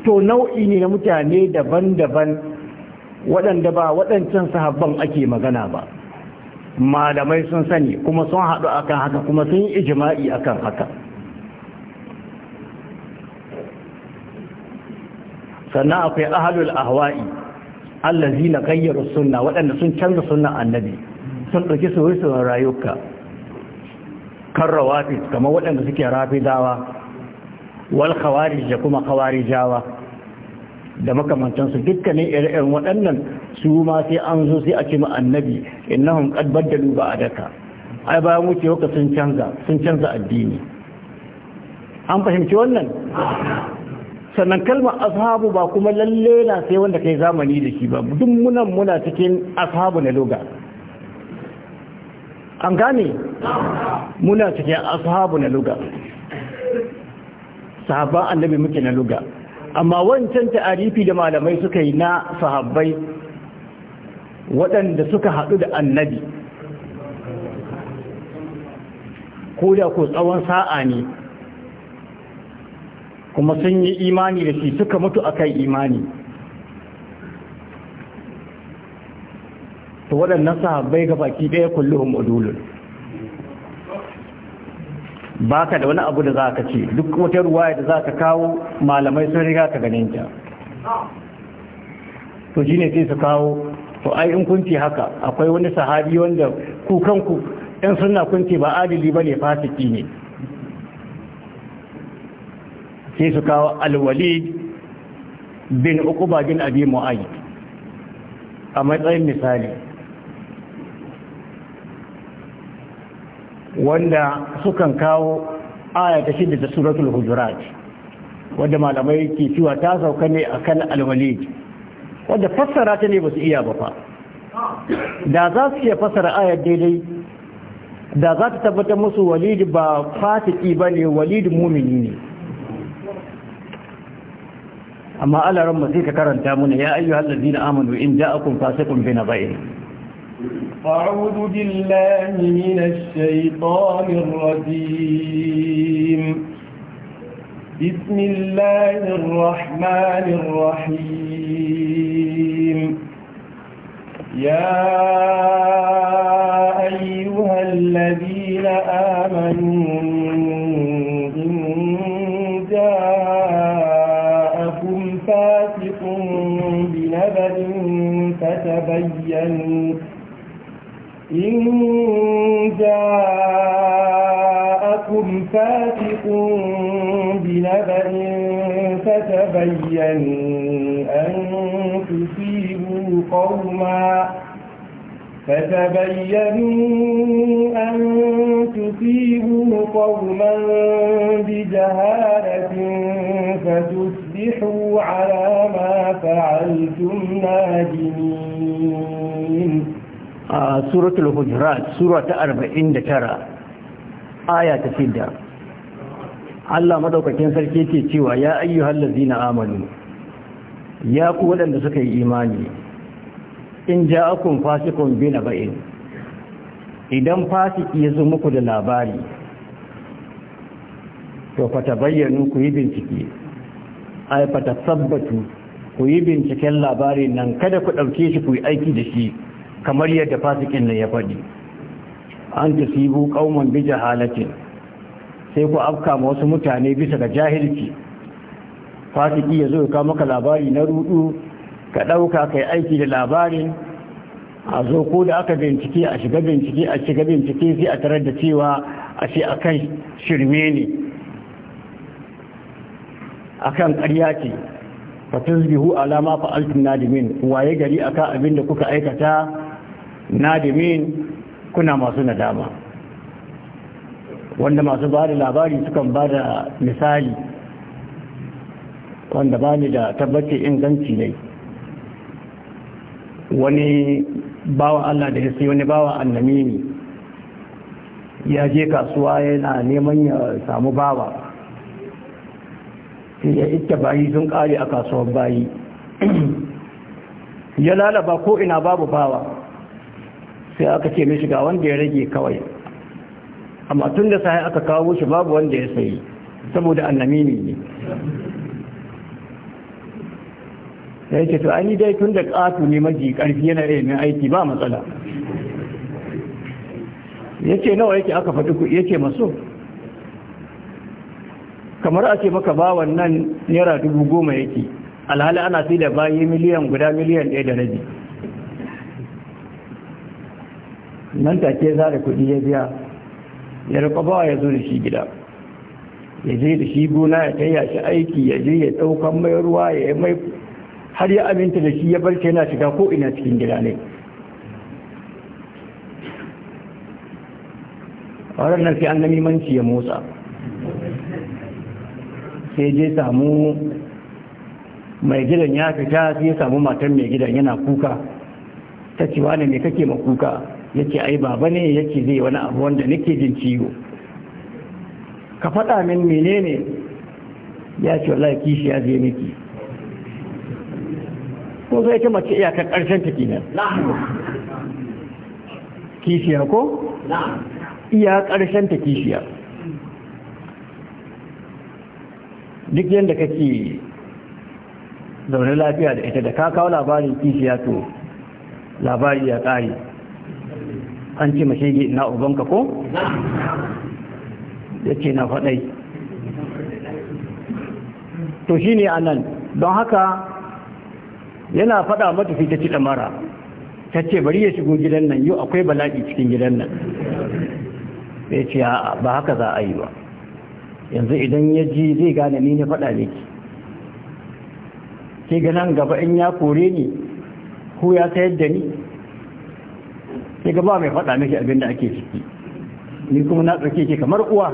to nau'i ne na mutane daban-daban waɗanda ba waɗancan sahabban ake magana ba malamai sun sani kuma sun haɗu akan haka kuma sun yi ijima'i akan haka sannan akwai ahalul ahwa'i allazi na kayyar sunna waɗanda sun canza sunna annabi sun ɗauki soyayya rayuka kan rawafi kamar waɗanda suke rafi dawa wal khawarij da kuma khawarijawa da makamantansu dukkanin ire-iren waɗannan su ma sai an zo sai a ce ma annabi innahum qad badalu ba'daka ai bayan wucewa ka sun canza sun canza addini an fahimci wannan sannan kalman ashabu ba kuma lalle na sai wanda kai zamani da shi ba duk munan muna cikin ashabu na loga an gane muna cikin ashabu na loga sahabban annabi muke na luga amma wancan ta'arifi da malamai suka yi na sahabbai waɗanda suka haɗu da annabi ko da ko tsawon sa'a ne kuma sun yi imani da shi suka mutu akan imani to waɗannan sahabbai ga baki ɗaya kulluhum udulun ba ka da wani abu da za ka ce duk wata ruwaya da za ka kawo malamai sun riga ka ganin ta to shi ne sai su kawo to ai in kunci haka akwai wani sahabi wanda ku kanku ɗan suna kunci ba adili ba ne fasiki ne sai su kawo alwali bin uku bin abi mu'ayi a matsayin misali wanda sukan kawo aya ta shida ta suratul hujurat wanda malamai ke cewa ta sauka ne akan alwali wanda fassara ta ne basu su iya ba fa da za su iya fassara ayar daidai da za ta tabbatar musu walidi ba fatiki ba ne walid mumini ne amma alaran ba sai ka karanta muna ya ayyuhal ladina amanu in ja'akum fasiqun bi nabain أعوذ بالله من الشيطان الرجيم بسم الله الرحمن الرحيم يا أيها الذين آمنوا إن جاءكم فاسق بنبأ فتبينوا إن جاءكم فاتق بنبأ فتبينوا أن تصيبوا قوما فتبينوا أن تصيبوا قوما بجهالة فتصبحوا على ما فعلتم نادمين a suratul hujurat sura ta 49 aya ta 6 Allah madaukakin sarki yake cewa ya ayyuhal ladina amanu ya ku wadanda suka yi imani in ja'akum fasiqun binaba'in idan fasiki ya zo muku da labari to fa tabayyanu ku yi bincike ai fa sabbatu ku yi binciken labarin nan kada ku dauke shi ku yi aiki da shi kamar yadda fasikin ne ya faɗi an tusibu qauman bi jahalatin sai ku afka ma wasu mutane bisa ga jahilci fasiki yazo ya kawo maka labari na rudu ka dauka kai aiki da labarin a zo ko da aka bincike a shiga bincike a shiga bincike sai a tarar da cewa a shi akan shirme ne akan ƙarya ce fatasbihu alama fa'altum nadimin waye gari akan abin da kuka aikata nadimin kuna masu nadama wanda masu ba da labari sukan ba da misali wanda ba da tabbace inganci ne wani bawa Allah da ya sai wani bawa ne. ya je kasuwa yana neman ya samu bawa ya ita bayi sun kare a kasuwar bayi [clears throat] ya lalaba ko ina babu bawa sai aka ce mishi ga wanda ya rage kawai amma tun da sai aka kawo shi babu wanda ya sayi saboda annami ne Ya ce to ai dai tun da ƙatu ne maji ƙarfi yana rai aiki ba matsala yace nawa yake aka faɗi ku yace maso kamar a ce maka bawa nan naira dubu goma yake alhali ana sai da bayi miliyan guda miliyan ɗaya da rabi nan take za da kuɗi ya biya ya ba ya zo da shi gida ya je da shi gona ya taya shi aiki ya je ya daukan mai ruwa ya mai har ya aminta da shi ya ke yana shiga ko ina cikin gida ne ƙwarar na sai an ga manci ya motsa sai je samu mai gidan ya fita sai ya samu matan mai gidan yana kuka ta cewa ne mai kake ma kuka yake ai baba ne yake zai wani abu wanda nake jin ciwo ka faɗa min menene ya ce wallahi kishi ya je miki ko sai ta mace iyakar ƙarshen ta kenan kishiya ko iya ƙarshen ta kishiya duk yadda kake zaune lafiya da ita da ka kawo labarin kishiya to labari ya kare. an ce mashege na ubanka ko ya ce na faɗai to shi ne anan don haka yana faɗa mata fi ta ci ɗamara ta ce bari ya shigo gidan nan yau akwai bala'i cikin gidan nan ya ce ba haka za a yi ba yanzu idan ya ji zai gane ni na faɗa ne ke ganan gaba in ya kore ni ko ya sayar da ni sai ga ba mai faɗa miki abin da ake ciki ni kuma na ɗauke ki kamar uwa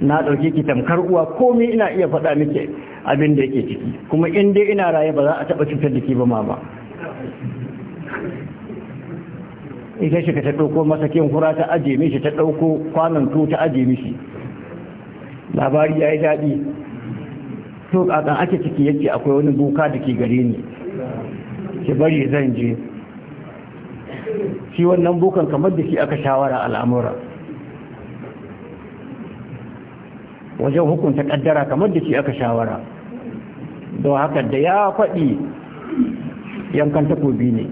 na ɗauke ki tamkar uwa komai ina iya faɗa miki abin da yake ciki kuma in dai ina raye ba za a taɓa cutar da ke ba ma ba. ita shi ka ta ɗauko masakin kura ta aje mishi ta ɗauko kwanan to ta aje mishi labari ya yi daɗi to ƙaƙan ake ciki yake akwai wani buka da ke gare ni ki bari zan je shi wannan bukan kamar da shi aka shawara al'amura wajen hukunta kaddara kamar da shi aka shawara don haka da ya faɗi yankan takobi ne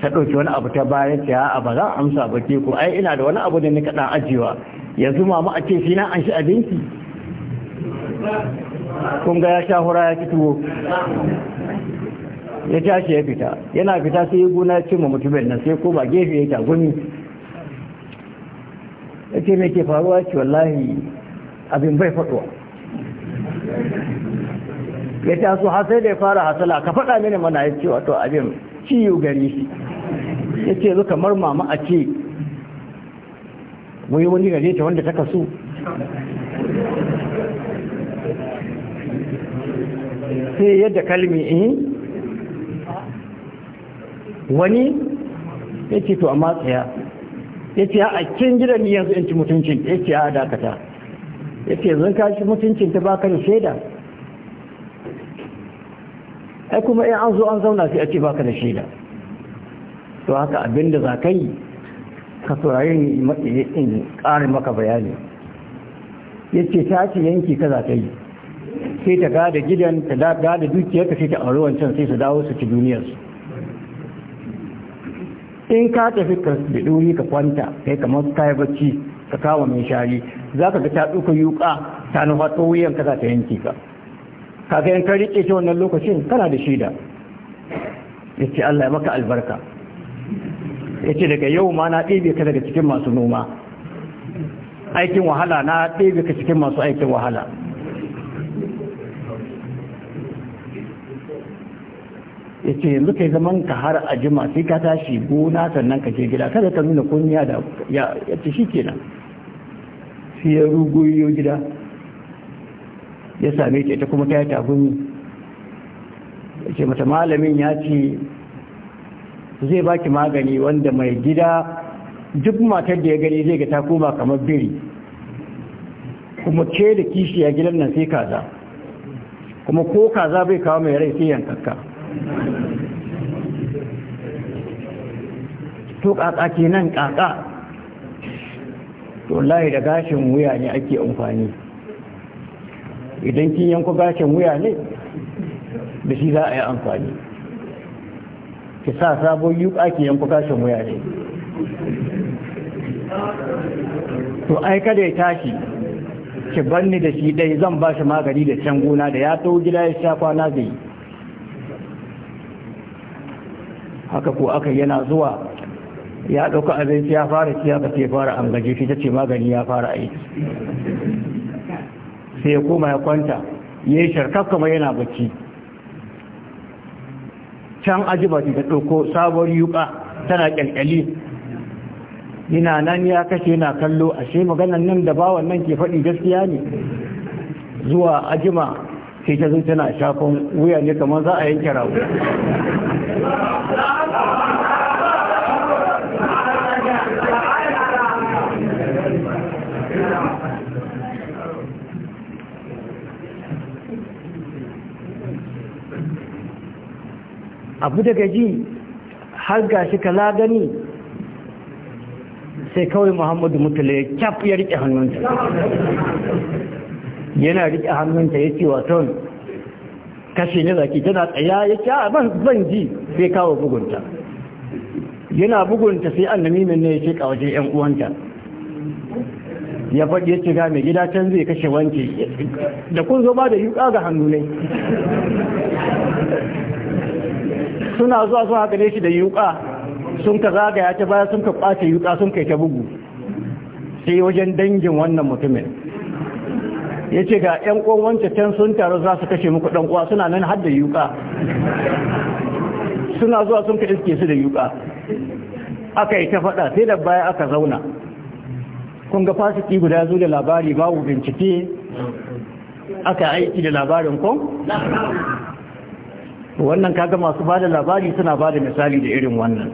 ta ɗauki wani abu ta bayan ta a ba za a amsa ba ke ku ai ina da wani abu da ni kaɗan ajiyewa yanzu mamu a ce shi na an shi abinci kun ga ya sha hura ya fito ya tashi ya fita yana fita sai ya guna ce ma mutumin nan sai ko ba gefe ya tagumi ya ce mai ke faruwa ce wallahi abin bai faɗuwa ya taso har sai da ya fara hasala ka faɗa mini mana ya ce wato abin ciyo gari shi ya ce zuka kamar mama a ce mu yi wani gare ta wanda ta kasu sai yadda kalmi in eh? wani ya ce to amma tsaya ya ce a cikin gidan ni yanzu in ci mutuncin ya ce a dakata ya ce zan kashi mutuncin ta baka da shaida ai kuma in an zo an zauna sai a ce baka da shaida to haka abinda za ka yi ka saurari in ƙari maka bayani ya ce ta ce yanki ka za ka yi sai ta gada gidan ta gada dukiyarka ta sai ta auri wancan sai su dawo su ci duniyarsu in ka tafi ka da ka kwanta kai kamar ka yi bacci ka kawo mai shari za ka ga ta ɗuka yuka ta nufatso wuyan ka za ta yanki ka kaga yankari, ka riƙe shi wannan lokacin kana da shida ya ce Allah ya maka albarka ya ce daga yau ma na ɗebe ka daga cikin masu noma aikin wahala na ɗebe ka cikin masu aikin wahala ya ce yanzu kai zaman ka har a jima sai ka tashi gona sannan ka je gida kada ka nuna kunya da ya ce shi ke nan sai ya rugoyo gida ya same ta kuma ta yi tagumi ya ce mata malamin ya ce zai baki magani wanda mai gida duk matar da ya gani zai ga ta koma kamar biri kuma ce da kishi a gidan nan sai kaza kuma ko kaza bai kawo mai rai sai yankakka to ƙaƙa ke nan ƙaƙa, to layi da gashin wuya ne ake amfani idan kin yanku gashin wuya ne da shi za a yi amfani ki sa sabon yi ki yanku gashin wuya ne to ai kada ya tashi ki banni da shi dai zan ba shi magani da can gona da ya to gida ya sha kwana zai yi haka ko aka yana zuwa ya ɗauka abinci ya fara ciya ka ce fara an gaji shi ta ce magani ya fara aiki sai ya koma ya kwanta ya yi sharkar kama yana bacci can ajiba ta ɗauko sabuwar yuka tana ƙyalƙyali yana nan ya kashe yana kallo ashe maganan nan da bawan nan ke faɗi gaskiya ne zuwa ajima sai ta zo tana shafin wuya ne kamar za a yanke rawu abu daga ji har gashi kala gani sai kawai muhammadu mutala ya kyaf ya riƙe hannunta yana riƙe hannunta ya ce waton kashe ne zaki tana tsaya ya ce a ah, ban ji sai kawo bugunta yana bugunta sai annabi min ne ya ce kawaje yan uwanta ya faɗi ya ga mai gida can zai kashe wanke da kun zo ba da yuka ga hannu ne suna zuwa sun haka ne shi da yuka sun ka zagaya ta baya sun ka kwace yuka sun kai ta bugu sai wajen dangin wannan mutumin ya ce ga 'yan uwan wancan can sun taru za su kashe muku uwa suna nan har da yuka suna zuwa sun ka iske su da yuka aka yi ta faɗa sai da baya aka zauna kun ga fasiki guda zo da labari babu bincike aka aiki da labarin kun wannan kaga masu ba da labari suna ba da misali da irin wannan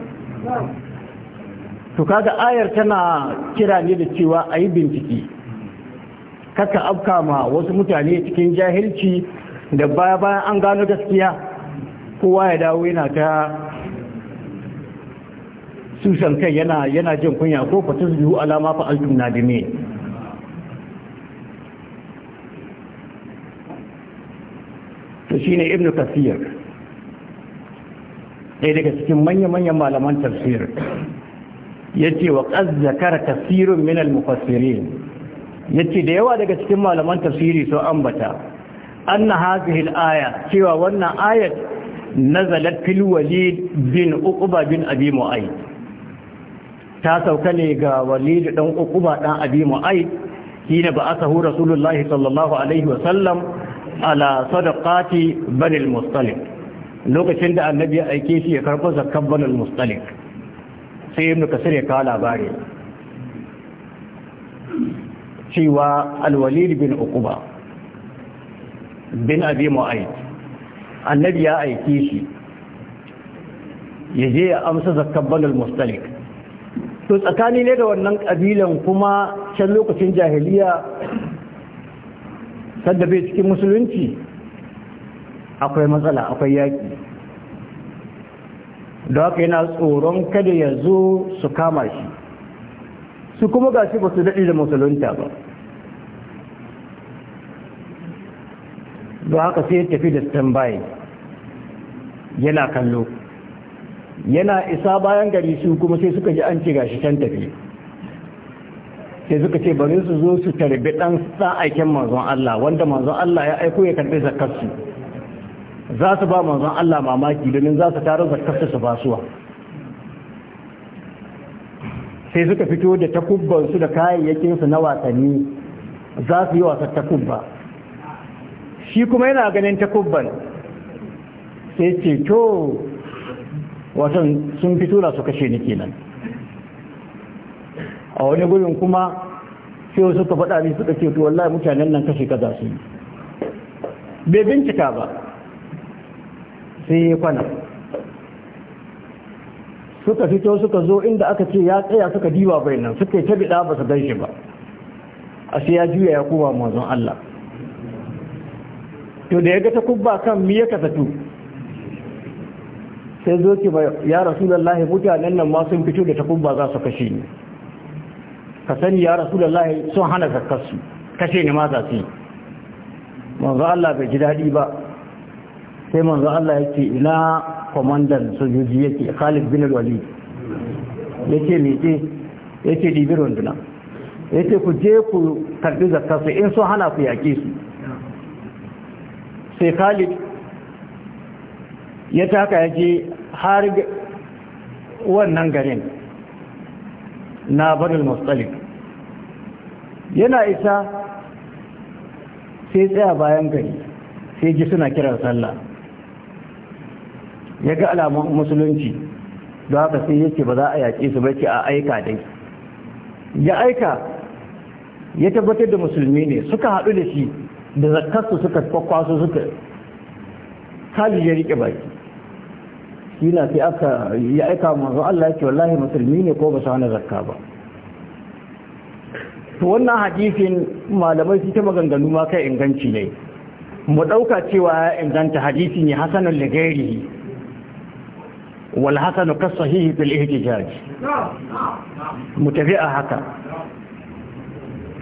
to kaga ayar tana kira ne da cewa a yi bincike kaka afka ma wasu mutane cikin jahilci da baya bayan an gano gaskiya kowa ya dawo yana ta susan kai yana yana jin kunya ko fa biyu alama fa altum nadime to ne ibnu kasir ɗaya daga cikin manya-manyan malaman tafsir ya ce wa ƙaz zakara kasirun minal mufassirin yace da yawa daga cikin malaman tafsiri sun ambata anna hadhihi al-aya cewa wannan ayat nazalat fil walid bin uqba bin abi mu'ayd ta sauka ne ga walid dan uqba dan abi ba aka hu rasulullahi sallallahu alaihi wa sallam ala sadaqati bani al-mustalik lokacin da annabi ya aike shi ya karbo zakkan bani al-mustalik sai ibn kasir ya kawo labari cewa alwalid bin uquba bin abi mu'ayyid annabi ya aike shi ya je ya amsa zakkan banul mustalik to tsakani ne da wannan kabilan kuma can lokacin jahiliya sanda bai cikin musulunci akwai matsala akwai yaƙi da haka yana tsoron kada ya zo su kama shi su kuma ga shi ba su daɗi da musulunta ba don haka sai ya tafi da standby yana kallo yana isa bayan gari su kuma sai suka ji an ce gashi can tafi sai suka ce bari su zo su tarbi dan aiken manzon Allah wanda manzon Allah ya aiko ya karbi zakarsu za su ba manzon Allah mamaki domin za su taro zakarsu su basuwa sai suka fito da takubban su da kayayyakin su na wasanni za su yi wasan takubba shi kuma yana ganin takubban sai ce to watan sun fito na su kashe ni kenan a wani gurin kuma sai suka faɗa ne suka ce to wallahi mutanen nan kashe kaza su bai bincika ba sai ya kwana suka fito suka zo inda aka ce ya tsaya suka diwa bai nan suka yi tabi bida ba su gan shi ba a sai ya juya ya koma mazan Allah to da ya ga takubba kan mi ya kasatu sai zo ki ya rasulullahi mutanen nan ma sun fito da takubba za su kashe ni ka sani ya rasulullahi sun hana kakkarsu kashe ni ma za su yi manzo Allah bai ji daɗi ba sai manzo Allah yake ina kwamandan sojoji yake Khalid bin Walid yake miƙe yake dibi runduna yake ku je ku karɓi zakkarsu in sun hana ku yaƙe su sai khalid ya taka ya je har wannan garin na banul mustalif yana isa sai tsaya bayan gari sai ji suna kiran sallah ya ga alamun musulunci da haka sai yake ba za a yaƙe su bace a aika dai ya aika ya tabbatar da musulmi ne suka haɗu da shi da zakarsu suka kwakwaso suka kaji ya rike baki shi na sai aka ya aika manzo Allah ya ce wallahi musulmi ne ko ba su hana zakka ba to wannan hadisin malamai su ta maganganu ma kai inganci ne mu ɗauka cewa ya inganta hadisi ne hasanun lagairihi wal hasanu kasahihi bil ihtijaj mu tafi a haka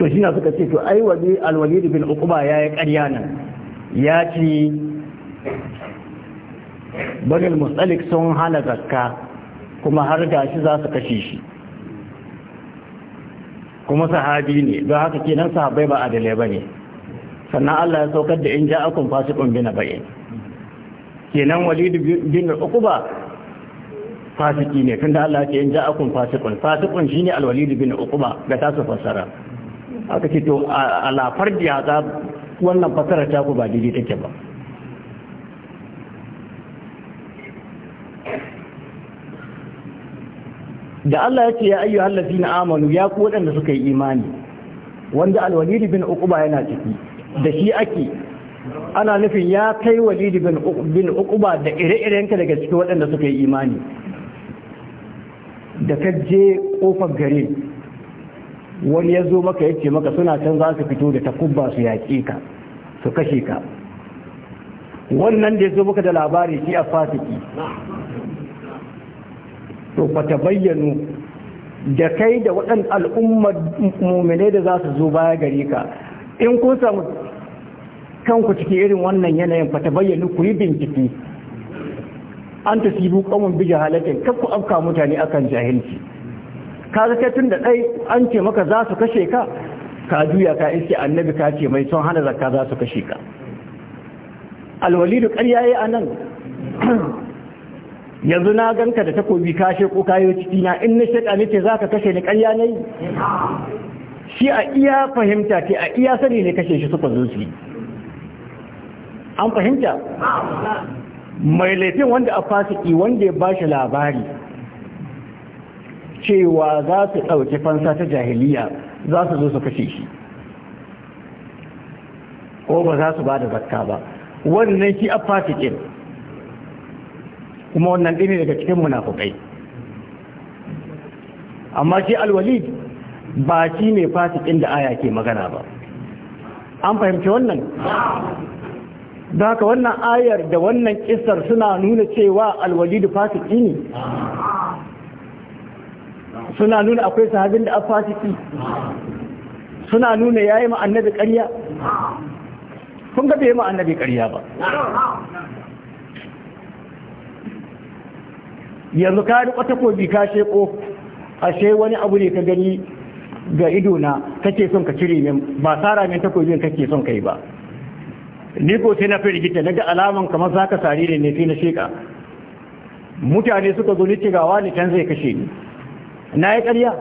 to shi na suka ce to ai waje alwalid bin uquba ya yi karya nan ya ce banil mustalik sun hana zakka kuma har da shi za su kashe shi kuma sahabi ne don haka kenan sahabai ba adalai ba ne sannan Allah ya saukar da in ja'akum fasiqun bi naba'in kenan walidu bin uquba fasiki ne tunda Allah ya ce in ja'akum fasikun fasikun shine alwalid bin uquba ga tasu fassara aka ce to a lafar jiyaza wannan fasara ta ku ba daidai take ba da Allah ya ce ya ayyu hallafi na amanu ya ku waɗanda suka yi imani wanda alwalidi bin uquba yana ciki da shi ake ana nufin ya kai walidi bin uquba da ire-irenka daga cikin waɗanda suka yi imani da ka je ƙofar gare wani ya zo maka yake maka suna can za su fito da takubba su yaƙe ka su kashe ka wannan da ya zo maka da labari shi a fasiki to fa ta da kai da waɗanda al'ummar mummune da za su zo baya gare ka in kun samu kanku cikin irin wannan yanayin fata ta bayyanu ku yi bincike an ta sibu kamun bija jahalatin kafin afka mutane akan jahilci kaga kai tun da dai an ce maka za su kashe ka ka juya ka ishe annabi ka ce mai son hana zakka za su kashe ka alwalidu ƙarya yayi anan [clears throat] yanzu na ganka da takobi ka ko kayo ciki na in na sheka nake za ka kashe ni ƙarya ne shi a iya fahimta ce a iya sani ne kashe shi suka zo su an fahimta mai laifin wanda a fasiki wanda ya ba shi labari cewa za su ɗauki fansa ta jahiliya za su zo su kashe shi ko ba za su ba da zakka ba wannan shi afatikin kuma wannan ɗini daga cikin munafukai amma shi alwalid ba shi ne fasikin da aya ke magana ba an fahimci wannan da haka wannan ayar da wannan kisar suna nuna cewa alwalidu fasiki ne suna nuna akwai sahabin da afatiki suna nuna yayi ma annabi ƙarya kun ga bai ma annabi ƙarya ba yanzu ka riƙa takobi ka sheko ashe wani abu ne ka gani ga ido na kake son ka cire min ba tsara min takobin kake son kai ba ni ko sai na fi na ga alaman kamar zaka sare ne sai na sheka mutane suka zo ni cigawa ne can zai kashe ni na yi ƙarya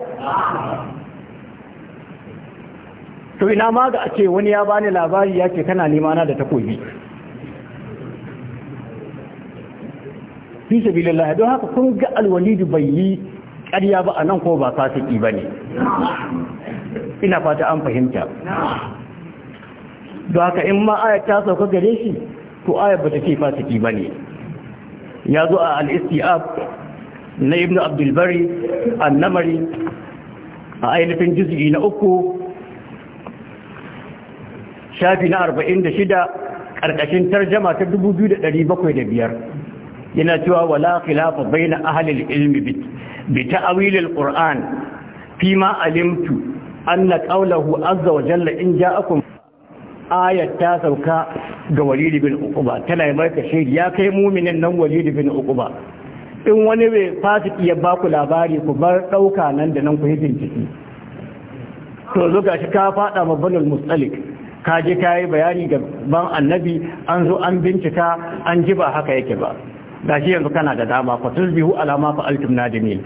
to ina ma ga ce wani ya bani labari ya ce kana limana da takobi fi sabilillah don haka kun ga alwalidu bai yi ƙarya ba a nan ko ba fasiki ba ne ina fata an fahimta don haka in ma ayat ta sauka gare shi to ayat ba ta ce fasiki ba ne ya zo a al-istiab na ibn abdulbari annamari a ainihin juz'i na uku shafi na arba'in da shida ƙarƙashin tarjama ta dubu biyu da biyar. yana cewa wala khilafa baina ahli al-ilmi bi ta'wil quran fima alimtu anna qawluhu azza wa jalla in ja'akum ayat ta sauka ga walid bin uquba tana mai ka ya kai mu'minin nan walid bin uquba in wani bai fasiki ya baku labari ku bar ɗauka nan da nan ku yi bincike to zo shi ka faɗa ma banul mustalik ka je ka yi bayani ga ban annabi an zo an bincika an ji ba haka yake ba shi yanzu kana da dama fa tusbihu ala ma fa'altum nadimin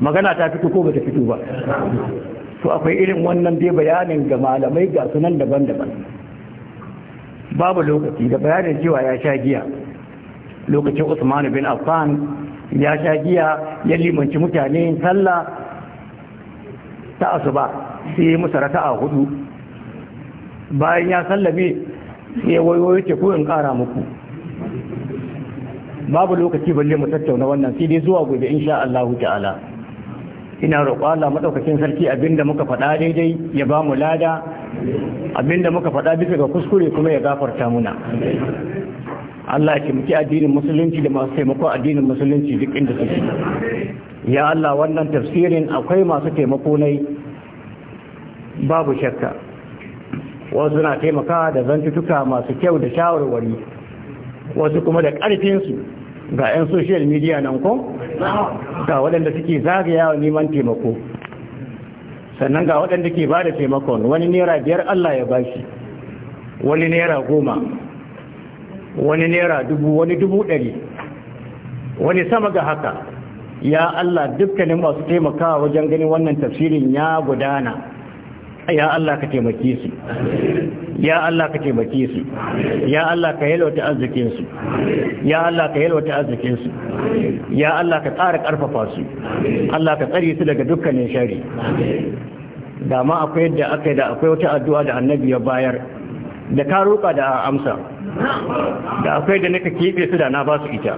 magana ta fito ko bata fito ba to akwai irin wannan dai bayanin ga malamai ga sunan daban-daban babu lokaci da bayanin cewa ya sha giya lokacin Usman bin Affan ya sha giya ya limanci mutane sallah ta asuba sai musa a hudu bayan ya sallame sai ya wayo yake ko in kara muku babu lokaci balle mu tattauna wannan sai dai zuwa gobe insha Allah ta'ala ina roƙo Allah madaukakin sarki abinda muka faɗa daidai ya ba mu lada abinda muka faɗa bisa ga kuskure kuma ya gafarta muna Allah ya taimaki addinin musulunci da masu taimako addinin musulunci duk inda suke ya Allah wannan tafsirin akwai masu taimako ne babu shakka wasu na taimaka da zantutuka masu kyau da shawarwari wasu kuma da ƙarfinsu ga 'yan social media nan ko ga waɗanda suke zagayawa neman taimako sannan ga waɗanda ke bada taimakon wani naira biyar Allah ya bashi wani naira goma wani naira dubu wani dubu ɗari wani sama ga haka ya Allah dukkanin masu taimakawa wajen ganin wannan tafsirin ya gudana ya Allah ka taimake su ya Allah ka taimake su ya Allah ka yalwata arzikin su ya Allah ka yalwata arzikin su ya Allah ka tsara karfafa su Allah ka tsare su daga dukkanin shari da ma akwai yadda aka da akwai wata addu'a da annabi ya bayar da ka roƙa da amsa da akwai da nika keɓe su da na ba su ita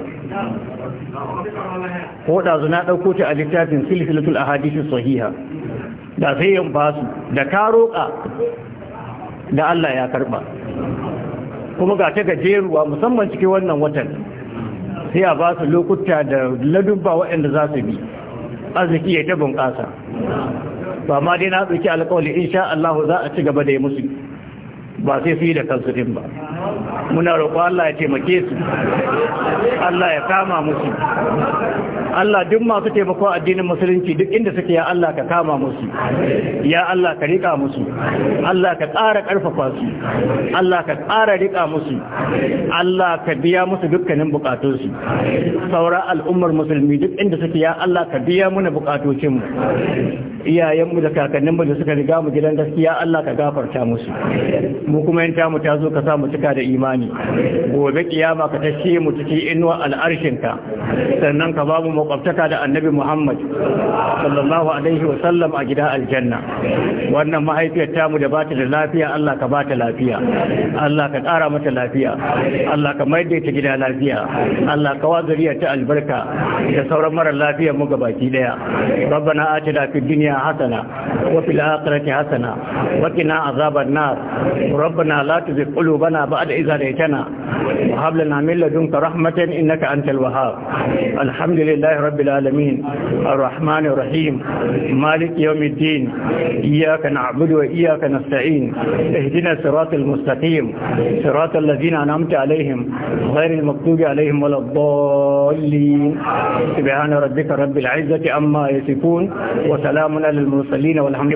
ko da na ɗauko ta a littafin silsilatul ahadisi sahiha da sai yan ba su da ta roƙa da Allah ya karba kuma ga ta gajeruwa musamman cikin wannan watan sai a ba su lokuta da ladubba waɗanda za su bi arziki ya ta bunƙasa ba ma dai na tsoki alƙawali insha Allah za a ci gaba da yi musu ba sai su yi da kansu din ba muna roƙo Allah ya taimake su Allah ya kama musu Allah duk masu taimako addinin musulunci duk inda suke ya Allah ka kama musu ya Allah ka rika musu Allah ka ƙara ƙarfafa su Allah ka ƙara rika musu Allah ka biya musu dukkanin bukatunsu saura al'ummar musulmi duk inda suke ya Allah ka biya muna bukatocinmu iyayenmu da kakanninmu da suka riga mu gidan gaskiya Allah ka gafarta musu mu kuma yin tamu ta zo ka samu cika da imani gobe kiyama ka tashe mu ciki inuwa al'arshinka sannan ka babu makwabtaka da annabi Muhammad sallallahu alaihi wa sallam a gida aljanna wannan mahaifiyar tamu da bata da lafiya Allah ka bata lafiya Allah ka ƙara mata lafiya Allah ka maida ta gida lafiya Allah ka wazuriya ta albarka da sauran mara lafiya mu gabaki daya rabbana atina fid dunya hasana wa fil akhirati hasana wa qina azaban ربنا لا تزغ قلوبنا بعد إذ هديتنا وهب لنا من لدنك رحمة إنك أنت الوهاب الحمد لله رب العالمين الرحمن الرحيم مالك يوم الدين إياك نعبد وإياك نستعين اهدنا الصراط المستقيم صراط الذين أنعمت عليهم غير المكتوب عليهم ولا الضالين سبحان ربك رب العزة عما يصفون وسلام على المرسلين والحمد